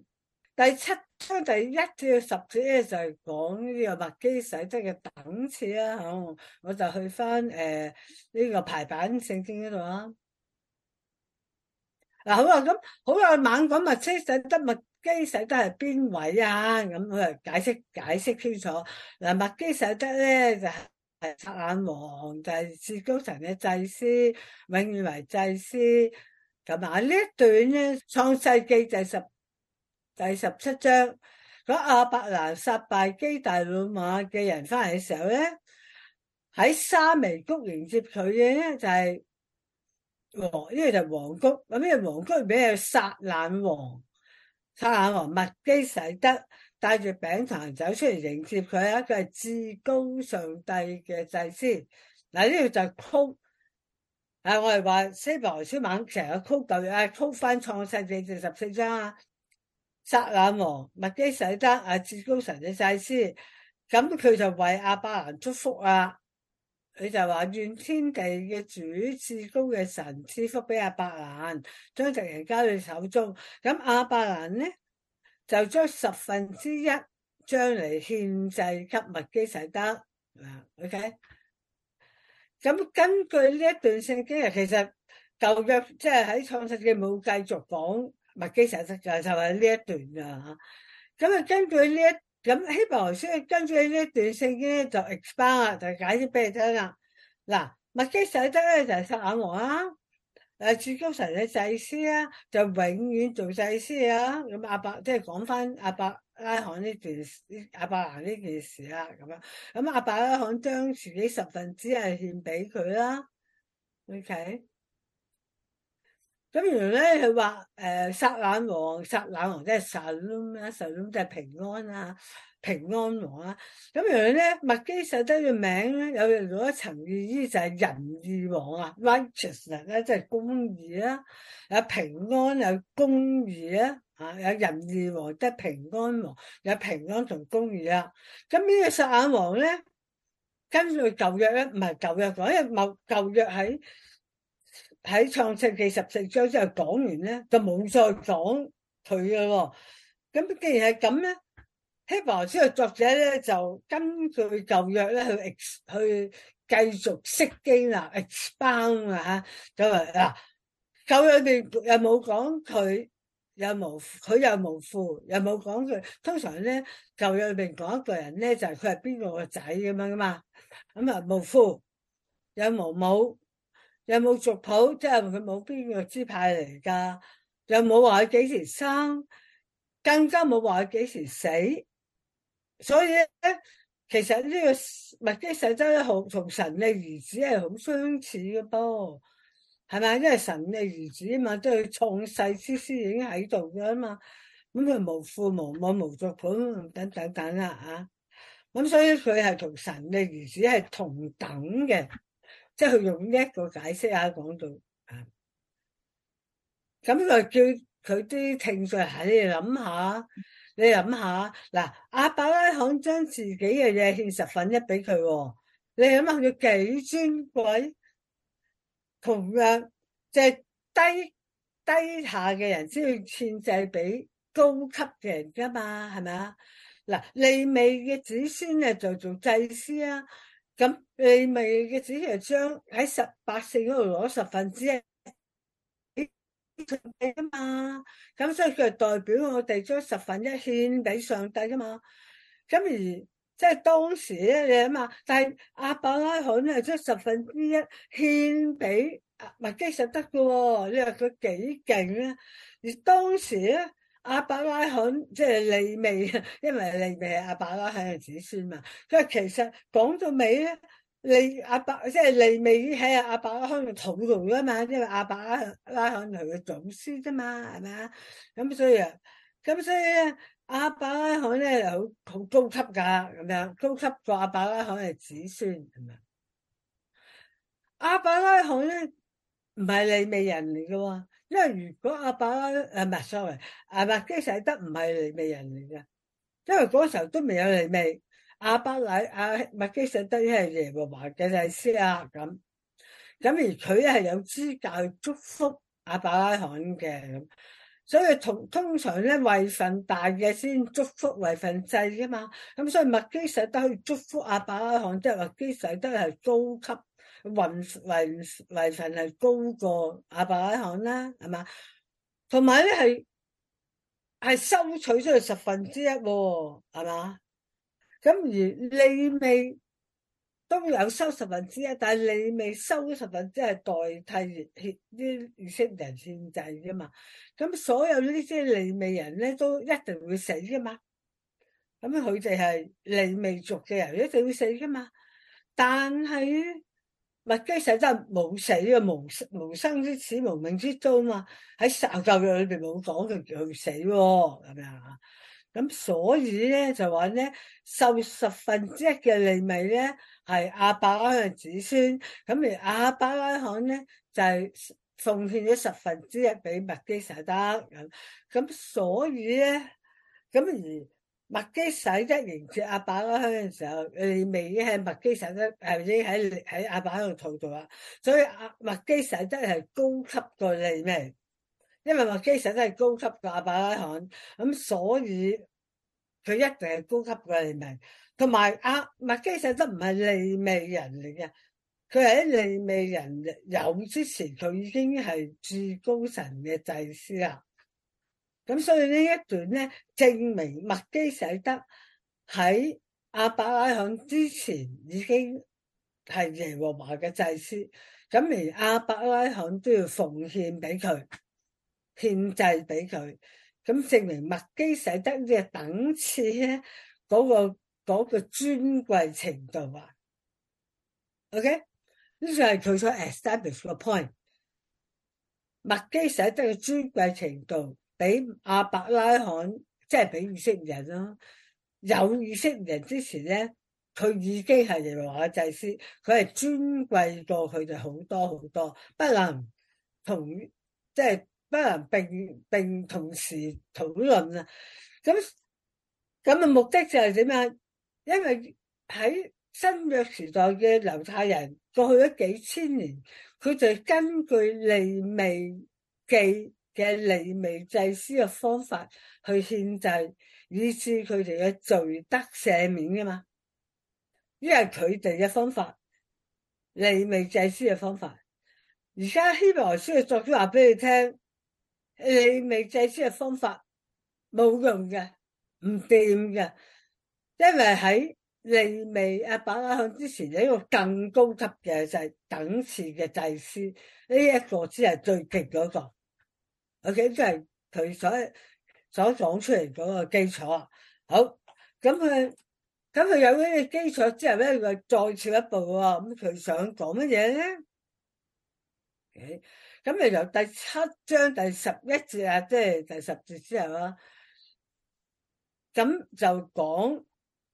第七章，第一至十節咧就係講呢個啊麥基洗德嘅等次啦，吓，我就去翻誒呢個排版聖經度啦。嗱，好啊，咁好啊，猛講麥基洗德，麥基洗德係邊位啊？咁我就解釋解釋清楚。嗱，麥基洗德咧就係、是、擦眼王，就係、是、至高神嘅祭司，永遠為祭司。咁啊！呢一段咧，《創世記》第十、第十七章，講亞伯蘭殺敗基大老馬嘅人翻嚟嘅時候咧，喺沙微谷迎接佢嘅咧就係、是哦、王，呢個就係王谷，咁呢個王谷名佢撒冷王，撒冷王麥基洗德帶住餅壇走出嚟迎接佢啊！佢係至高上帝嘅祭司。嗱，呢個就係曲。啊！我哋話《希伯來書》猛成日曲舊嘢，啊曲翻創世記第十四章啊，撒冷王麥基洗德啊，至高神嘅祭司，咁佢就為亞伯蘭祝福啊，佢就話願天地嘅主至高嘅神賜福俾亞伯蘭，將敵人交到手中，咁亞伯蘭呢就將十分之一將嚟獻祭給麥基洗德嗱，OK。咁根據呢一段聖經啊，其實舊約即係喺創世記冇繼續講，麥基洗德就係呢一段噶吓。咁啊，根據，這一根據這一呢，咁希伯來書根據呢一段聖經咧，就 expand 就解釋俾你聽啦。嗱，麥基洗德咧就撒冷王啊，誒，至高神嘅祭司啊，就永遠做祭司啊。咁阿伯即係講翻阿伯，就是拉罕呢件事，阿伯蘭呢件事啦，咁樣，咁阿伯拉罕將自己十分之係獻俾佢啦，OK。咁原來咧佢話誒撒冷王，撒冷王即係神啦，神即係平安啊，平安王啊。咁原來咧麥基洗德嘅名咧，有有一層意思就係仁義王啊 righteousness 咧即係公義啊，有平安有公義啊，嚇有仁義王得、即係、平安王，有平安同公義啊。咁呢個撒冷王咧，跟住舊約咧，唔係舊約講，因為舊約喺喺《創世記》十四章之後講完咧，就冇再講佢咯。咁既然係咁咧，希伯來書作者咧就根據舊約咧去去繼續釋經啦，expound 啊，就係嗱舊約裏邊又冇講佢，又無佢又無父，又冇講佢。通常咧舊約裏邊講一個人咧就係佢係邊個嘅仔邊個個仔咁樣噶嘛，咁啊無父，有無母。有冇族譜？即係佢冇邊個支派嚟噶？又冇話佢幾時生，更加冇話佢幾時死。所以咧，其實呢個麥基洗德同神嘅兒子係好相似嘅噃，係咪？因為神嘅兒子啊嘛，都係創世之師已經喺度㗎啊嘛，咁佢無父無母無族譜等等等啦啊，咁所以佢係同神嘅兒子係同等嘅。即係佢用呢一個解釋下啊，講到啊，咁就叫佢啲聽眾喺，你諗下，你諗下嗱，阿伯拉罕將自己嘅嘢獻十分一俾佢喎，你諗下佢幾尊貴？同樣即係低低下嘅人先去獻祭俾高級嘅人㗎嘛，係咪啊？嗱，利未嘅子孫咧就做祭司啊。咁你咪嘅意思係將喺十八四嗰度攞十分之一俾上帝啊嘛，咁所以佢係代表我哋將十分一獻俾上帝啊嘛，咁而即係當時咧你啊嘛，但係阿伯拉罕係將十分之一獻俾阿麥基洗德嘅喎，你話佢幾勁呀？而當時咧。阿伯拉罕，即係利未，因為利未係阿伯拉罕嘅子孫嘛。所以其實講到尾咧，你阿伯即係利未喺阿伯拉罕嘅土度啊嘛，因為阿伯拉罕拉罕係佢祖先啫嘛，係咪啊？咁所以啊，咁所以咧，阿伯拉罕咧好好高級噶，咁樣高級過阿伯拉罕係子孫，阿伯拉罕咧唔係利未人嚟噶喎。因為如果阿伯拉唔係 sorry，阿麥基細德唔係利未人嚟嘅。因為嗰時候都未有利未。阿伯拉阿麥基細德呢係耶和華嘅祭司啊，咁，咁而佢呢係有資格去祝福阿伯拉罕嘅，所以同通常咧位分大嘅先祝福位分細噶嘛。咁所以麥基細德去祝福阿伯拉罕，即係麥基細德係高級。雲雲雲層係高過亞伯拉罕啦，係嘛？同埋咧係係收取出去十分之一喎，係嘛？咁而利未都有收十分之一，但係利未收十分之一係代替血啲以色列人獻祭啫嘛。咁所有呢啲利未人咧都一定會死噶嘛。咁佢哋係利未族嘅人，一定會死噶嘛。但係麥基洗德冇死啊，無無生之始，無命之終啊嘛。喺《受教約》裏邊冇講佢佢死喎，係咪啊？咁所以咧就話咧，受十分之一嘅利未咧係阿伯拉罕嘅子孫，咁而阿伯拉罕咧就係、是、奉獻咗十分之一俾麥基洗德。咁，咁所以咧，咁而。麥基洗德迎接亞伯拉罕嘅時候，利未已經喺麥基洗德，係已經喺喺亞伯拉罕嗰度吐咗啦。所以麥基洗德真係高級過利未，因為麥基洗德真係高級過亞伯拉罕，咁所以佢一定係高級過利未。同埋麥基洗德都唔係利未人嚟嘅，佢喺利未人有之前，佢已經係至高神嘅祭司啦。咁所以呢一段咧，證明麥基洗德喺亞伯拉罕之前已經係耶和華嘅祭司，咁連亞伯拉罕都要奉獻俾佢，獻祭俾佢，咁證明麥基洗德嘅等次咧，嗰個嗰個尊貴程度啊。OK，呢就係佢所 establish 嘅 point，麥基洗德嘅尊貴程度。俾阿伯拉罕，即係俾以色列人啦、啊。有以色列人之前咧，佢已經係耶和華祭司，佢係尊貴過佢哋好多好多，不能同即係、就是、不能並並同時討論啊。咁咁嘅目的就係點啊？因為喺新約時代嘅猶太人過去咗幾千年，佢就根據利未記。嘅利未祭司嘅方法去獻祭，以致佢哋嘅罪得赦免噶嘛？呢係佢哋嘅方法，利未祭司嘅方法。而家希伯來書嘅作者話俾你聽，利未祭司嘅方法冇用嘅，唔掂嘅，因為喺利未阿爸阿向之前，有一個更高級嘅就係等次嘅祭司，呢、這個、一個先係最勁嗰個。OK，即係佢所所講出嚟嗰個基礎。好，咁佢咁佢有呢個基礎之後咧，佢再進一步喎。咁佢想講乜嘢咧？OK，咁嚟由第七章第十一節啊，即係第十節之後啦。咁就講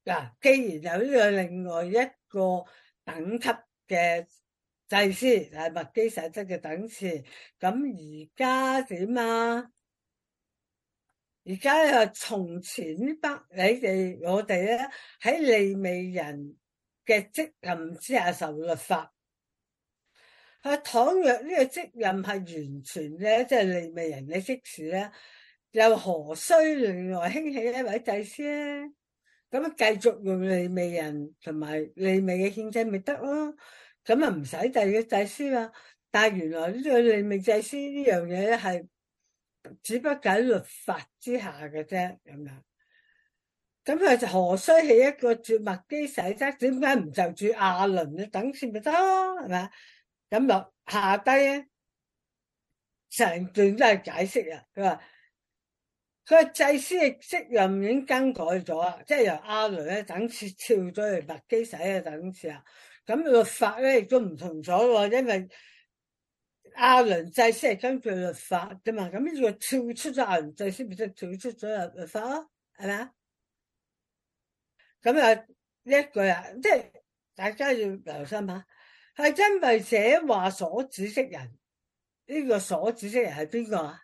嗱，既然有呢個另外一個等級嘅。.祭司係麥基洗德嘅等次，咁而家點啊？而家又從前北你哋我哋咧喺利未人嘅職任之下受律法，啊倘若呢個職任係完全咧，就是、的即係利未人嘅職事咧，又何須另外興起一位祭司咧？咁繼續用利未人同埋利未嘅獻祭咪得咯？咁啊，唔使第二個祭司啦，但係原來呢個任命祭司呢樣嘢咧，係只不解律法之下嘅啫，咁樣。咁佢就何須係一個絕麥基洗呢？點解唔就住亞倫咧？等次咪得咯，係咪咁下低咧，成段都係解釋啊。佢話佢祭司亦職任已經更改咗啊，即係由亞倫咧等次跳咗去麥基洗啊等次啊。咁律法咧亦都唔同咗咯，因為亞倫祭司係根據律法嘅嘛，咁呢個跳出咗亞倫祭司，咪即係跳出咗律法咯，係咪啊？咁啊，一句啊，即係大家要留心下，係因為這話所指的人，呢、這個所指的人係邊個啊？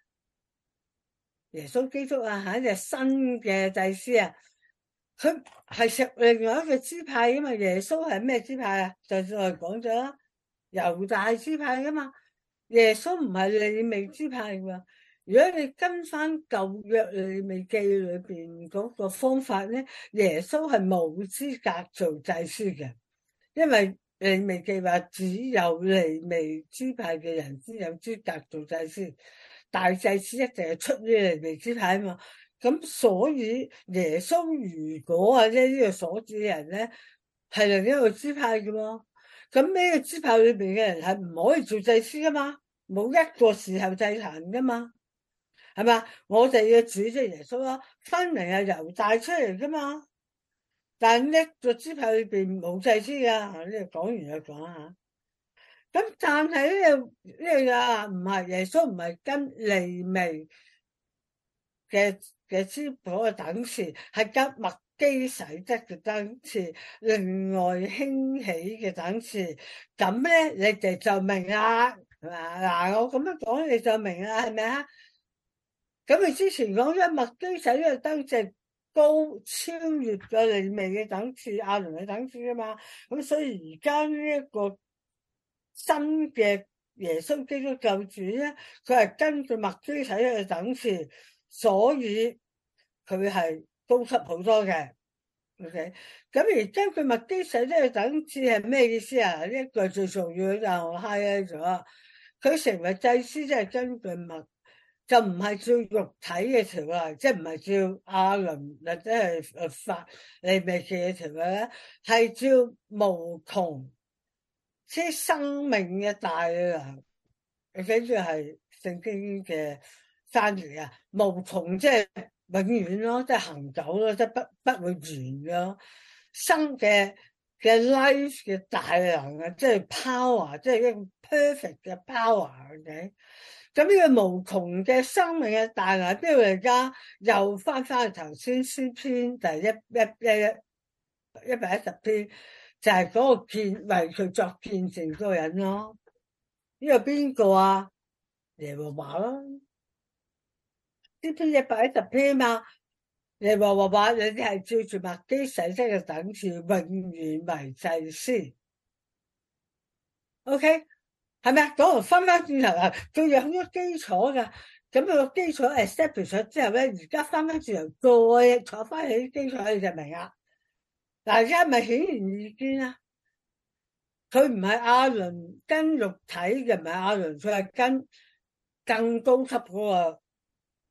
耶穌基督啊，係一隻新嘅祭司啊。佢係食另外一個支派噶嘛？耶穌係咩支派啊？上次我哋講咗猶大支派噶嘛？耶穌唔係利未支派噶。如果你跟翻舊約利未記裏邊嗰個方法咧，耶穌係冇資格做祭司嘅，因為利未記話只有利未支派嘅人先有資格做祭司。大祭司一定係出於利未支派啊嘛。咁所以耶穌如果啊，即係呢個所指嘅人咧，係另一個支派嘅嘛。咁呢個支派裏邊嘅人係唔可以做祭司噶嘛，冇一個時候祭壇噶嘛，係嘛？我哋嘅主席耶穌啊，分明係猶大出嚟噶嘛。但係呢個支派裏邊冇祭司啊，呢個講完就講下。咁但係呢個呢個啊，唔係耶穌唔係跟利未嘅。嘅支本嘅等次係吉麥基洗德嘅等次，另外興起嘅等次，咁咧你就就明啦，係嘛？嗱，我咁樣講你就明啦，係咪啊？咁你之前講咗麥基洗德嘅等值高超越咗利未嘅等次，亞倫嘅等次啊嘛，咁所以而家呢一個新嘅耶穌基督教主咧，佢係根據麥基洗德嘅等次，所以。佢係高級好多嘅，O.K. 咁而根據墨經上咧，等次係咩意思啊？呢一句最重要就 high 咗。佢成為祭司，即係根據物，就唔係照肉體嘅條例，即係唔係照亞倫或者係法利未嘅條例咧，係照無窮即生命嘅大能。你睇住係聖經嘅山語啊，無窮即係。永遠咯，即係行走咯，即係不不會完嘅咯。生嘅嘅 life 嘅大能嘅，即係 power，即係一個 perfect 嘅 power 嘅。咁呢個無窮嘅生命嘅大能，即係而家又翻翻去頭先詩篇第一一一一一百一十篇，就係嗰個見為佢作見，成個人咯。呢個邊個啊？耶和華咯啲篇一百一十篇啊，你說話話話你啲係照住墨基寫真嘅等次，永遠為祭詩。OK，係咪啊？嗰個翻翻轉頭啊，仲有好多基礎噶，咁、那個基礎 e s c a p t i s 咗之後咧，而家翻翻轉頭再坐翻起基礎，你就明啦。嗱，即係咪顯然易見啊？佢唔係阿倫跟肉體嘅，唔係阿倫，佢係跟更高級嗰個。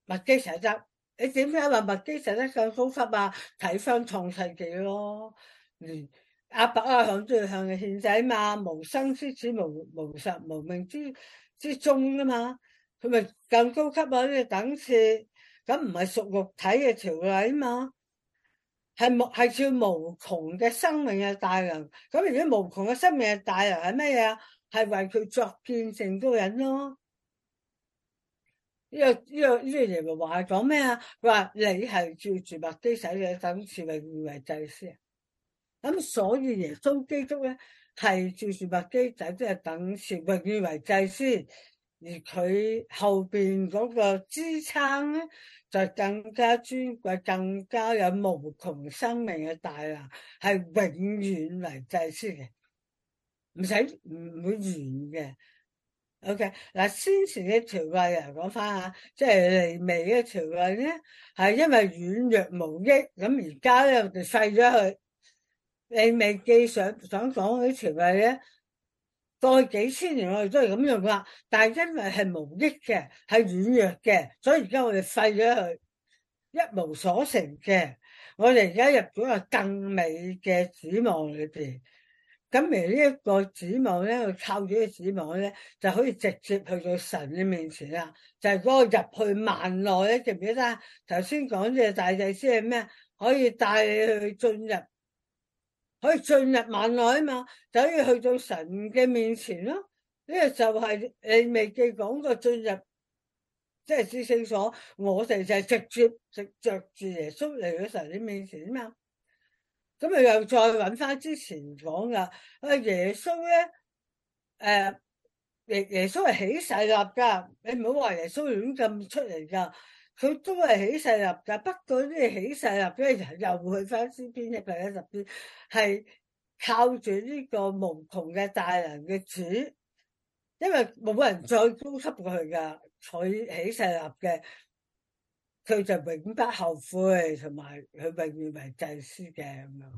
麥基洗德，你點解話麥基洗德更高級啊？睇返創世紀咯，連阿伯啊向都要向嘅獻祭嘛，無生之始，無無實無命之之終啊嘛，佢咪更高級啊？呢個等次咁唔係屬肉體嘅條例啊嘛，係無係照無窮嘅生命嘅大能。咁而家無窮嘅生命嘅大能係咩嘢？係為佢作見證嗰個人咯。呢、這個呢、這個呢樣嘢咪話講咩啊？話、這個、你係照住麥基仔嘅等次永遠為祭司，咁所以耶穌基督咧係照住麥基仔即係等次永遠為祭司，而佢後邊嗰個支撐咧就更加尊貴，更加有無窮生命嘅大能，係永遠為祭司嘅，唔使唔會完嘅。O.K. 嗱，先前嘅條例又講翻下，即係利未嘅條例咧，係因為軟弱無益，咁而家咧我哋廢咗佢。利未記想想講嗰啲條例咧？過去幾千年我哋都係咁用啦，但係因為係無益嘅，係軟弱嘅，所以而家我哋廢咗佢，一無所成嘅。我哋而家入咗個更美嘅指望裏邊。咁而呢一個指望呢，咧，靠住呢個指望咧，就可以直接去到神嘅面前啦。就係、是、嗰個入去幔內咧，記唔記得啊？頭先講嘅大祭司係咩？可以帶你去進入，可以進入幔內啊嘛，等要去到神嘅面前咯。呢、這個就係利未記講過進入，即係至聖所，我哋就係直接着住耶穌嚟到神嘅面前啊嘛。咁啊，又再揾翻之前講噶阿耶穌咧，誒，耶耶穌係起世立㗎，你唔好話耶穌亂咁出嚟㗎，佢都係起世立㗎。不過呢，起世立人又去翻先邊一個一入邊，係靠住呢個無窮嘅大能嘅主，因為冇人再高級過去㗎，佢起世立嘅。佢就永不後悔，同埋佢永遠係祭司嘅咁樣。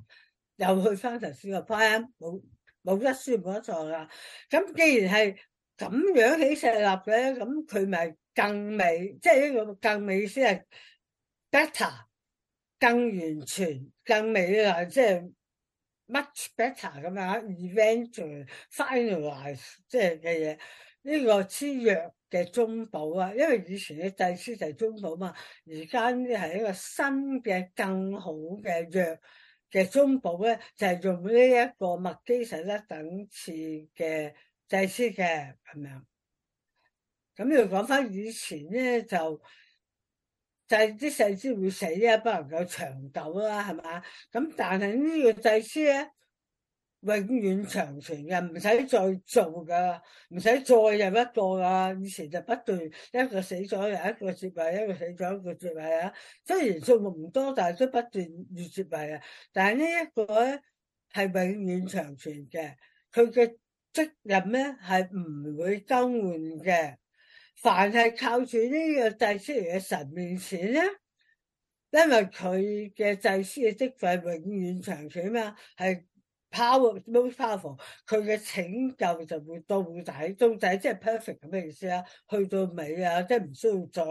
又去翻頭先個 plan 冇冇得輸冇得錯噶。咁既然係咁樣起石立嘅，咁佢咪更美，即係呢個更美先係 better，更完全、更美喇，即係 much better 咁樣。eventual finalize 即係嘅嘢呢個簽約。嘅中補啊，因為以前嘅祭師就係中補嘛，而家呢係一個新嘅更好嘅藥嘅中補咧，就係、是、用呢一個麥基神拉等次嘅祭師嘅咁樣。咁你講翻以前咧，就就係、是、啲祭師會死啊，不能夠長久啦，係嘛？咁但係呢個祭師咧。永遠長存嘅，唔使再做噶，唔使再入一個噶。以前就不斷一個死咗又一個接位，一個死咗一個接位啊。雖然數目唔多，但係都不斷要接位啊。但係呢一個咧，係永遠長存嘅，佢嘅職任咧，係唔會更換嘅。凡係靠住呢個祭司嘅神面前咧，因為佢嘅祭司嘅職位永遠長存啊，係。power most powerful，佢嘅拯救就會到底，到底即係 perfect 咁咩意思啊？去到尾啊，即係唔需要再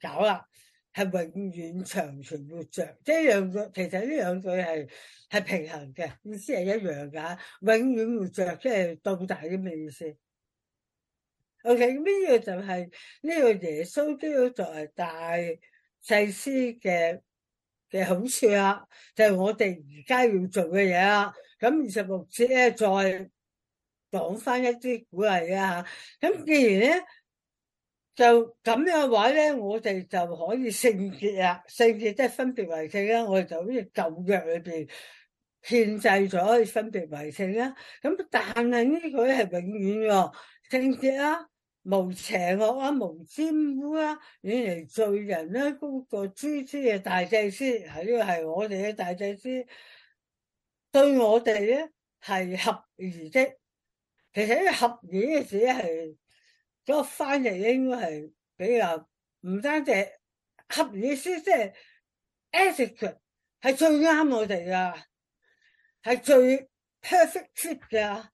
搞啦，係永遠長存活着。即係兩句，其實呢兩句係係平衡嘅意思係一樣噶，永遠活着即係到底咁嘅意思。OK，呢個就係呢個耶穌都要作為大祭司嘅嘅好處啊，就係、是、我哋而家要做嘅嘢啦。咁二十六節咧，再講翻一啲鼓勵啊！吓，咁既然咧就咁樣嘅話咧，我哋就可以聖潔啊。聖潔即係分別為聖啦。我哋就好似舊約裏邊獻祭咗、啊，可以分別為聖啦。咁但係呢，佢係永遠㖏聖潔啦，無邪惡啊，無玷、啊、污啊，遠離罪人呢、啊，工作諸天嘅大祭司，係呢個係我哋嘅大祭司。對我哋咧係合宜的，其實呢合宜嘅事咧係，咁翻譯應該係比較唔單止合宜先，即係 exact 係最啱我哋噶，係最 perfect fit 㗎，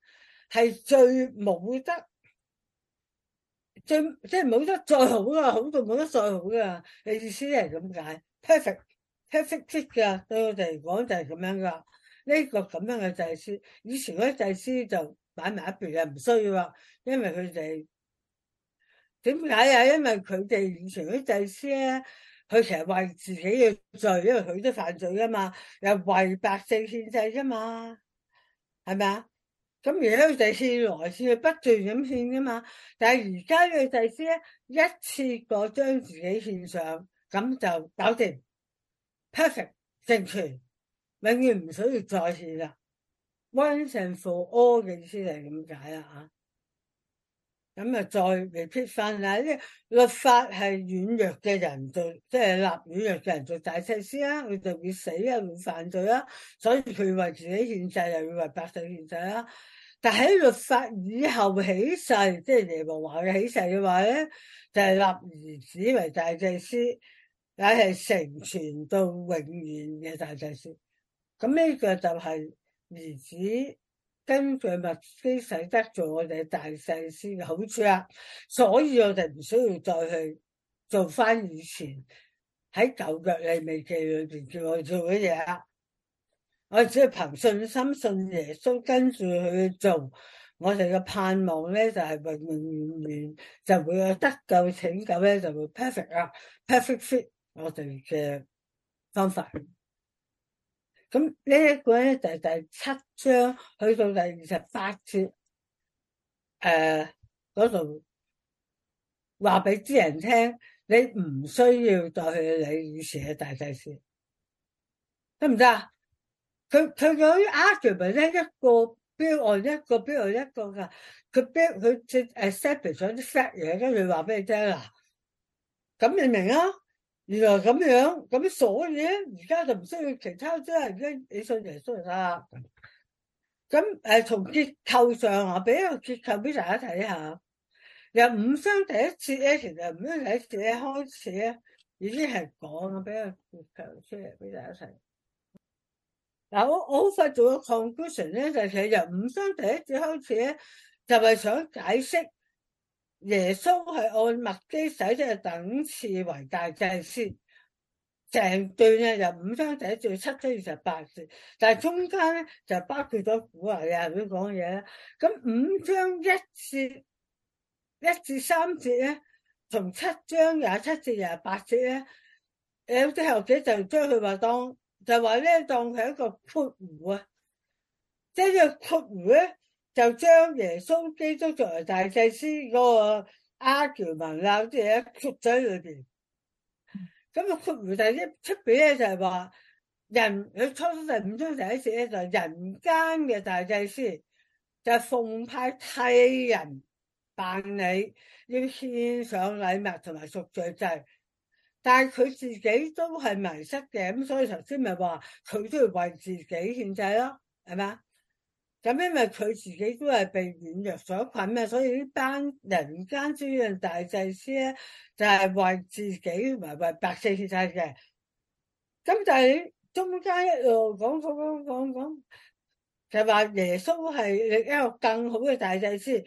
係最冇得最即係冇得再好㗎，好到冇得再好噶，你意思係咁解？perfect perfect 㗎，對我哋嚟講就係咁樣噶。呢個咁樣嘅祭司，以前嗰啲祭司就擺埋一邊啊，唔需要啊，因為佢哋點解啊？因為佢哋以前嗰啲祭司咧，佢成日為自己嘅罪，因為佢都犯罪啊嘛，又為百姓獻祭啫嘛，係咪啊？咁而家度祭司來世不斷咁獻啫嘛。但係而家嘅祭司咧，一次過將自己獻上，咁就搞掂，perfect 正傳。永遠唔需要再次啦、啊。溫成父屙嘅意思係點解啊？吓咁啊，再未撇翻啦。即係律法係軟弱嘅人做，即、就、係、是、立軟弱嘅人做大祭司啦、啊，佢就會死啊，會犯罪啊，所以佢為自己獻祭，又要為百姓獻祭啦。但喺律法以後起誓，即係尼羅話嘅起誓嘅話咧，就係、是就是、立兒子為大祭司，也係成全到永遠嘅大祭司。咁呢個就係兒子根據麥基洗德做我哋大祭司嘅好處啦，所以我哋唔需要再去做翻以前喺舊約利未記裏邊叫我做嘅嘢，我只係憑信心信，信耶穌，跟住去做，我哋嘅盼望咧就係永遠永遠遠就，就會有得救拯救咧就 perfect 啦，perfect fit 我哋嘅方法。咁呢一個咧就係第七章去到第二十八節，誒嗰度話俾啲人聽，你唔需要再去理以前嘅大祭司，得唔得啊？佢，佢有啲 argument 咧，一個標案一個標案一個㗎，佢，標佢接誒 set 嚟想 set 嘢，跟住話俾你聽嗱，咁你明啊？原來咁樣，咁所以咧，而家就唔需要其他即係，而家你信耶穌啦。咁誒，從結構上我俾個結構俾大家睇下。由五章第一次咧，其實五章第一次咧開始咧，已經係講啊，俾個結構出嚟俾大家睇。嗱，我我好快做個 conclusion 咧，就係由五章第一次開始咧，就係、是、想解釋。耶穌係按麥基洗德嘅等次為大祭司。成段咧，就五章第一至七章二十八節，但係中間咧就包括咗古啊又喺邊講嘢，咁五章一節一至三節咧，同七章廿七節廿八節咧，咁之後者就將佢話當就話咧，當佢一個括弧，啊，即係括弧啊！就將耶穌基督作為大祭司嗰個阿喬文鬧啲嘢，喺出仔裏邊，咁啊出完就係出邊咧就係話人佢初生時，第五章第一節咧就人間嘅大祭司就奉派替人辦理要獻上禮物同埋贖罪祭，但係佢自己都係迷失嘅，咁所以頭先咪話佢都要為自己獻祭咯，係咪啊？咁因為佢自己都係被軟弱所困咩，所以呢班人間之中大祭司咧就係為自己唔係為、為百姓嘅。咁就係中間一路講講講講，講就係話耶穌係一個更好嘅大祭司。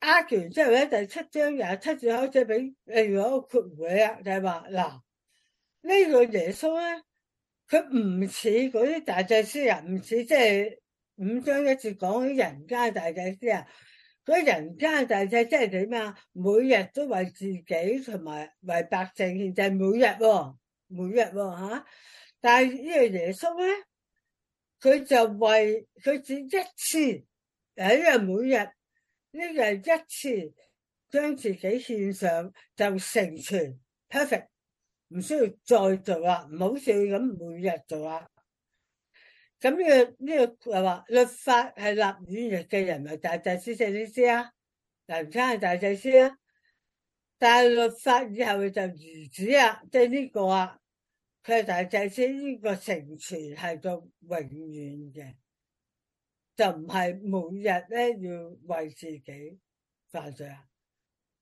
阿權之後咧第七章廿七節開始即係俾例如果個括弧嘅，就係話嗱呢個耶穌咧，佢唔似嗰啲大祭司人，唔似即係。五章一次講起人間大祭司先啊，所以人間大祭司即係點啊？每日都為自己同埋為百姓獻祭，就是哦，每日喎，哦，每日喎吓。但係呢個耶穌咧，佢就為佢只一次，又因為每日呢就一次將自己獻上就成全 Perfect，唔需要再做啦，唔好似咁每日做啦。咁呢、呢個呢、呢個又話律法係立軟弱嘅人為大祭司，你師啊？林差係大祭司啊，但係律法以後佢就兒子啊，即係呢個啊，佢係大祭司呢個成全係到永遠嘅，就唔係每日咧要為自己犯罪啊。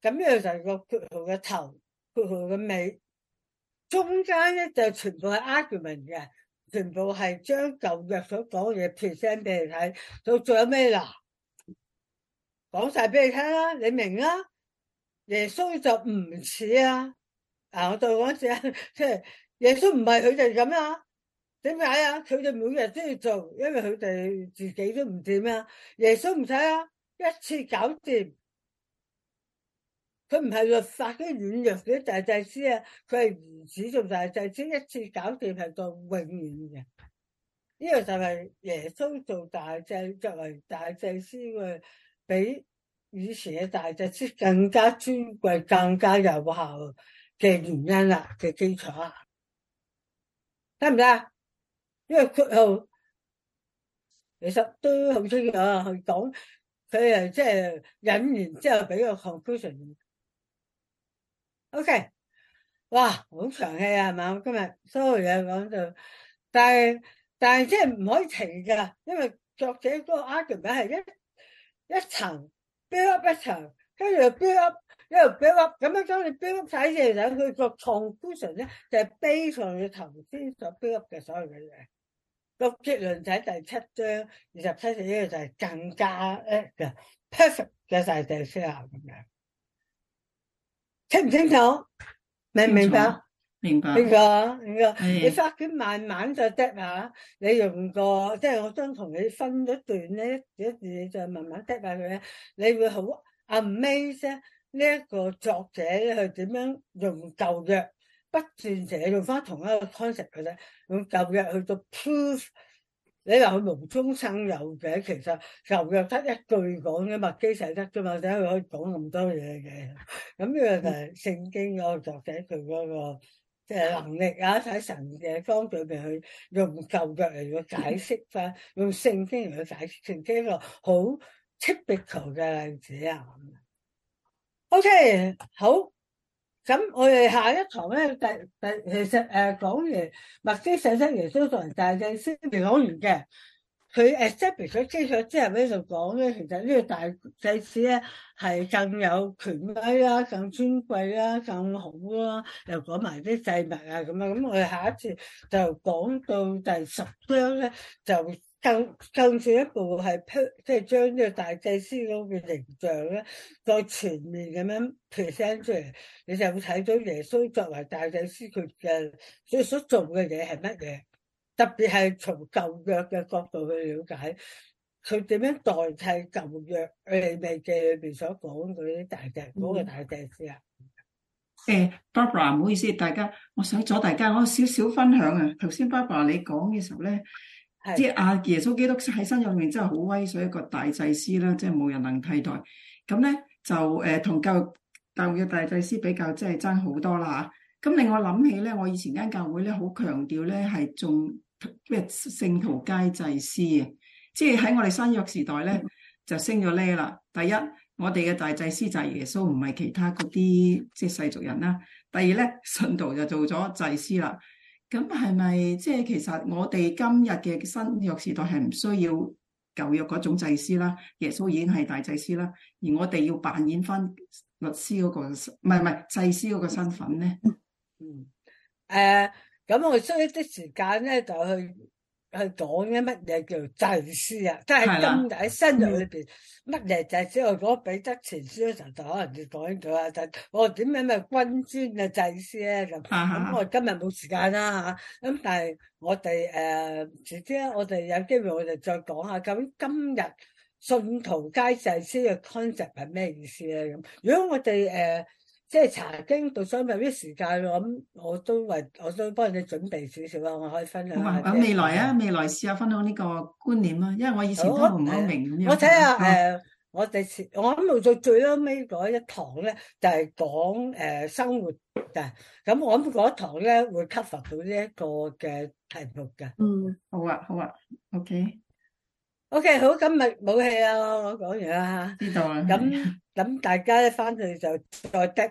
咁呢個就係個括號嘅頭，括號嘅尾，中間咧就全部係 argument 嘅。全部係將舊約所講嘢 present 俾你睇，到仲有咩啦？講晒俾你聽啦、啊，你明啦，耶穌就唔似啊，嗱、啊，我再講一次，即、就、係、是、耶穌唔係佢就係咁啦，點解啊？佢哋每日都要做，因為佢哋自己都唔掂啊。耶穌唔使啊，一次搞掂。佢唔係律法嘅軟弱嘅大祭司啊，佢係唔止做大祭司一次搞掂係做永遠嘅。呢、這個就係耶穌做大祭作為大祭司嘅比以前嘅大祭司更加尊貴、更加有效嘅原因啦、啊、嘅基礎啊，得唔得？因為括號其實都好清楚佢講，佢係即係引完之後俾個 conclusion。O.K.，哇，好長氣啊，係嘛？今日所有嘢講到，但係但係即係唔可以停噶，因為作者個 argument 係一一層 build up 一層，跟住 build up，一路 build up，咁樣將你 build up 睇住，等佢作 completion 咧，就係 based on 你頭先所 build up 嘅所有嘅嘢。個結論喺第七章二十七節呢度就係更加，誒，perfect，嘅大祭司咁樣。聽唔清，清楚，明唔明，明，明白？明白。呢個呢個，你發卷慢慢再睇下，你用個即係我將同你分一段咧，一段你再慢慢睇下佢咧，你會好 amaze 呢一個作者咧，佢點樣用舊約不斷寫，用翻同一個 concept 佢。咧，用舊約去做 proof。你話佢無中生有嘅，其實舊約得一句講嘅嘛，機寫得啫嘛，點解佢可以講咁多嘢嘅？咁呢個就係聖經嗰、那個作者佢嗰個、就是、能力啊，睇神嘅幫助，佢用舊約嚟去解釋翻， [laughs] 用聖經嚟去解釋，聖經一個好 typical 嘅例子啊。O、okay, K，好。咁我哋下一堂咧，第第其實誒講完墨西舍斯耶穌人大祭先嚟講完嘅，佢誒即 e 譬如佢經常即係喺度講咧，其實世世呢其實個大祭司咧係更有權威啦、啊、更尊貴啦、啊、更好啦、啊，又講埋啲制密啊咁啊，咁我哋下一次就講到第十章咧就。更更住一步係即係將呢個大祭司嗰個形象咧，再全面咁樣 present 出嚟，你就會睇到耶穌作為大祭司佢嘅佢所做嘅嘢係乜嘢，特別係從舊約嘅角度去了解佢點樣代替舊約誒命記裏邊所講嗰啲大祭嗰、嗯、個大祭司啊。誒、欸，爸爸唔好意思，大家我想阻大家我少少分享啊。頭先爸爸你講嘅時候咧。即係阿耶穌基督喺新約裡面真係好威水，一個大祭司啦，即係冇人能替代。咁咧就誒同舊舊嘅大祭司比較，即係爭好多啦。咁令我諗起咧，我以前間教會咧好強調咧係仲咩聖徒皆祭司啊，即係喺我哋新約時代咧就升咗呢啦。第一，我哋嘅大祭司就係耶穌，唔係其他嗰啲即係世俗人啦。第二咧，信徒就做咗祭司啦。咁係咪即係其實我哋今日嘅新約時代係唔需要舊約嗰種祭司啦？耶穌已經係大祭司啦，而我哋要扮演翻律師嗰個，唔係唔係祭司嗰個身份咧？嗯，誒、呃，咁我需要啲時間咧，就去。去講嘅乜嘢叫做祭司啊？即係今日喺新約裏邊，乜嘢就只係講彼得前書咧，就可能要講一講啊。就我點樣咩君尊嘅祭司咧咁。咁我今日冇時間啦吓。咁但係我哋誒，姐姐，我哋，嗯呃、有機會我哋再講下。咁今日信徒皆祭司嘅 concept 係咩意思咧？咁如果我哋誒。呃即係查經度，想有啲時間咯，咁我都為我都幫你準備少少啦，我可以分享。好啊，咁未來啊，未來試下分享呢個觀念咯，因為我以前都唔好明咁樣。我睇下，誒，我哋我諗到最最尾嗰一堂咧，就係講誒生活噶，咁我諗嗰堂咧會 cover 到呢一個嘅題目噶。嗯，好啊，好啊，OK，OK，好，今日冇氣啊，我講完啦吓。知道啊。咁咁大家咧翻去就再聽。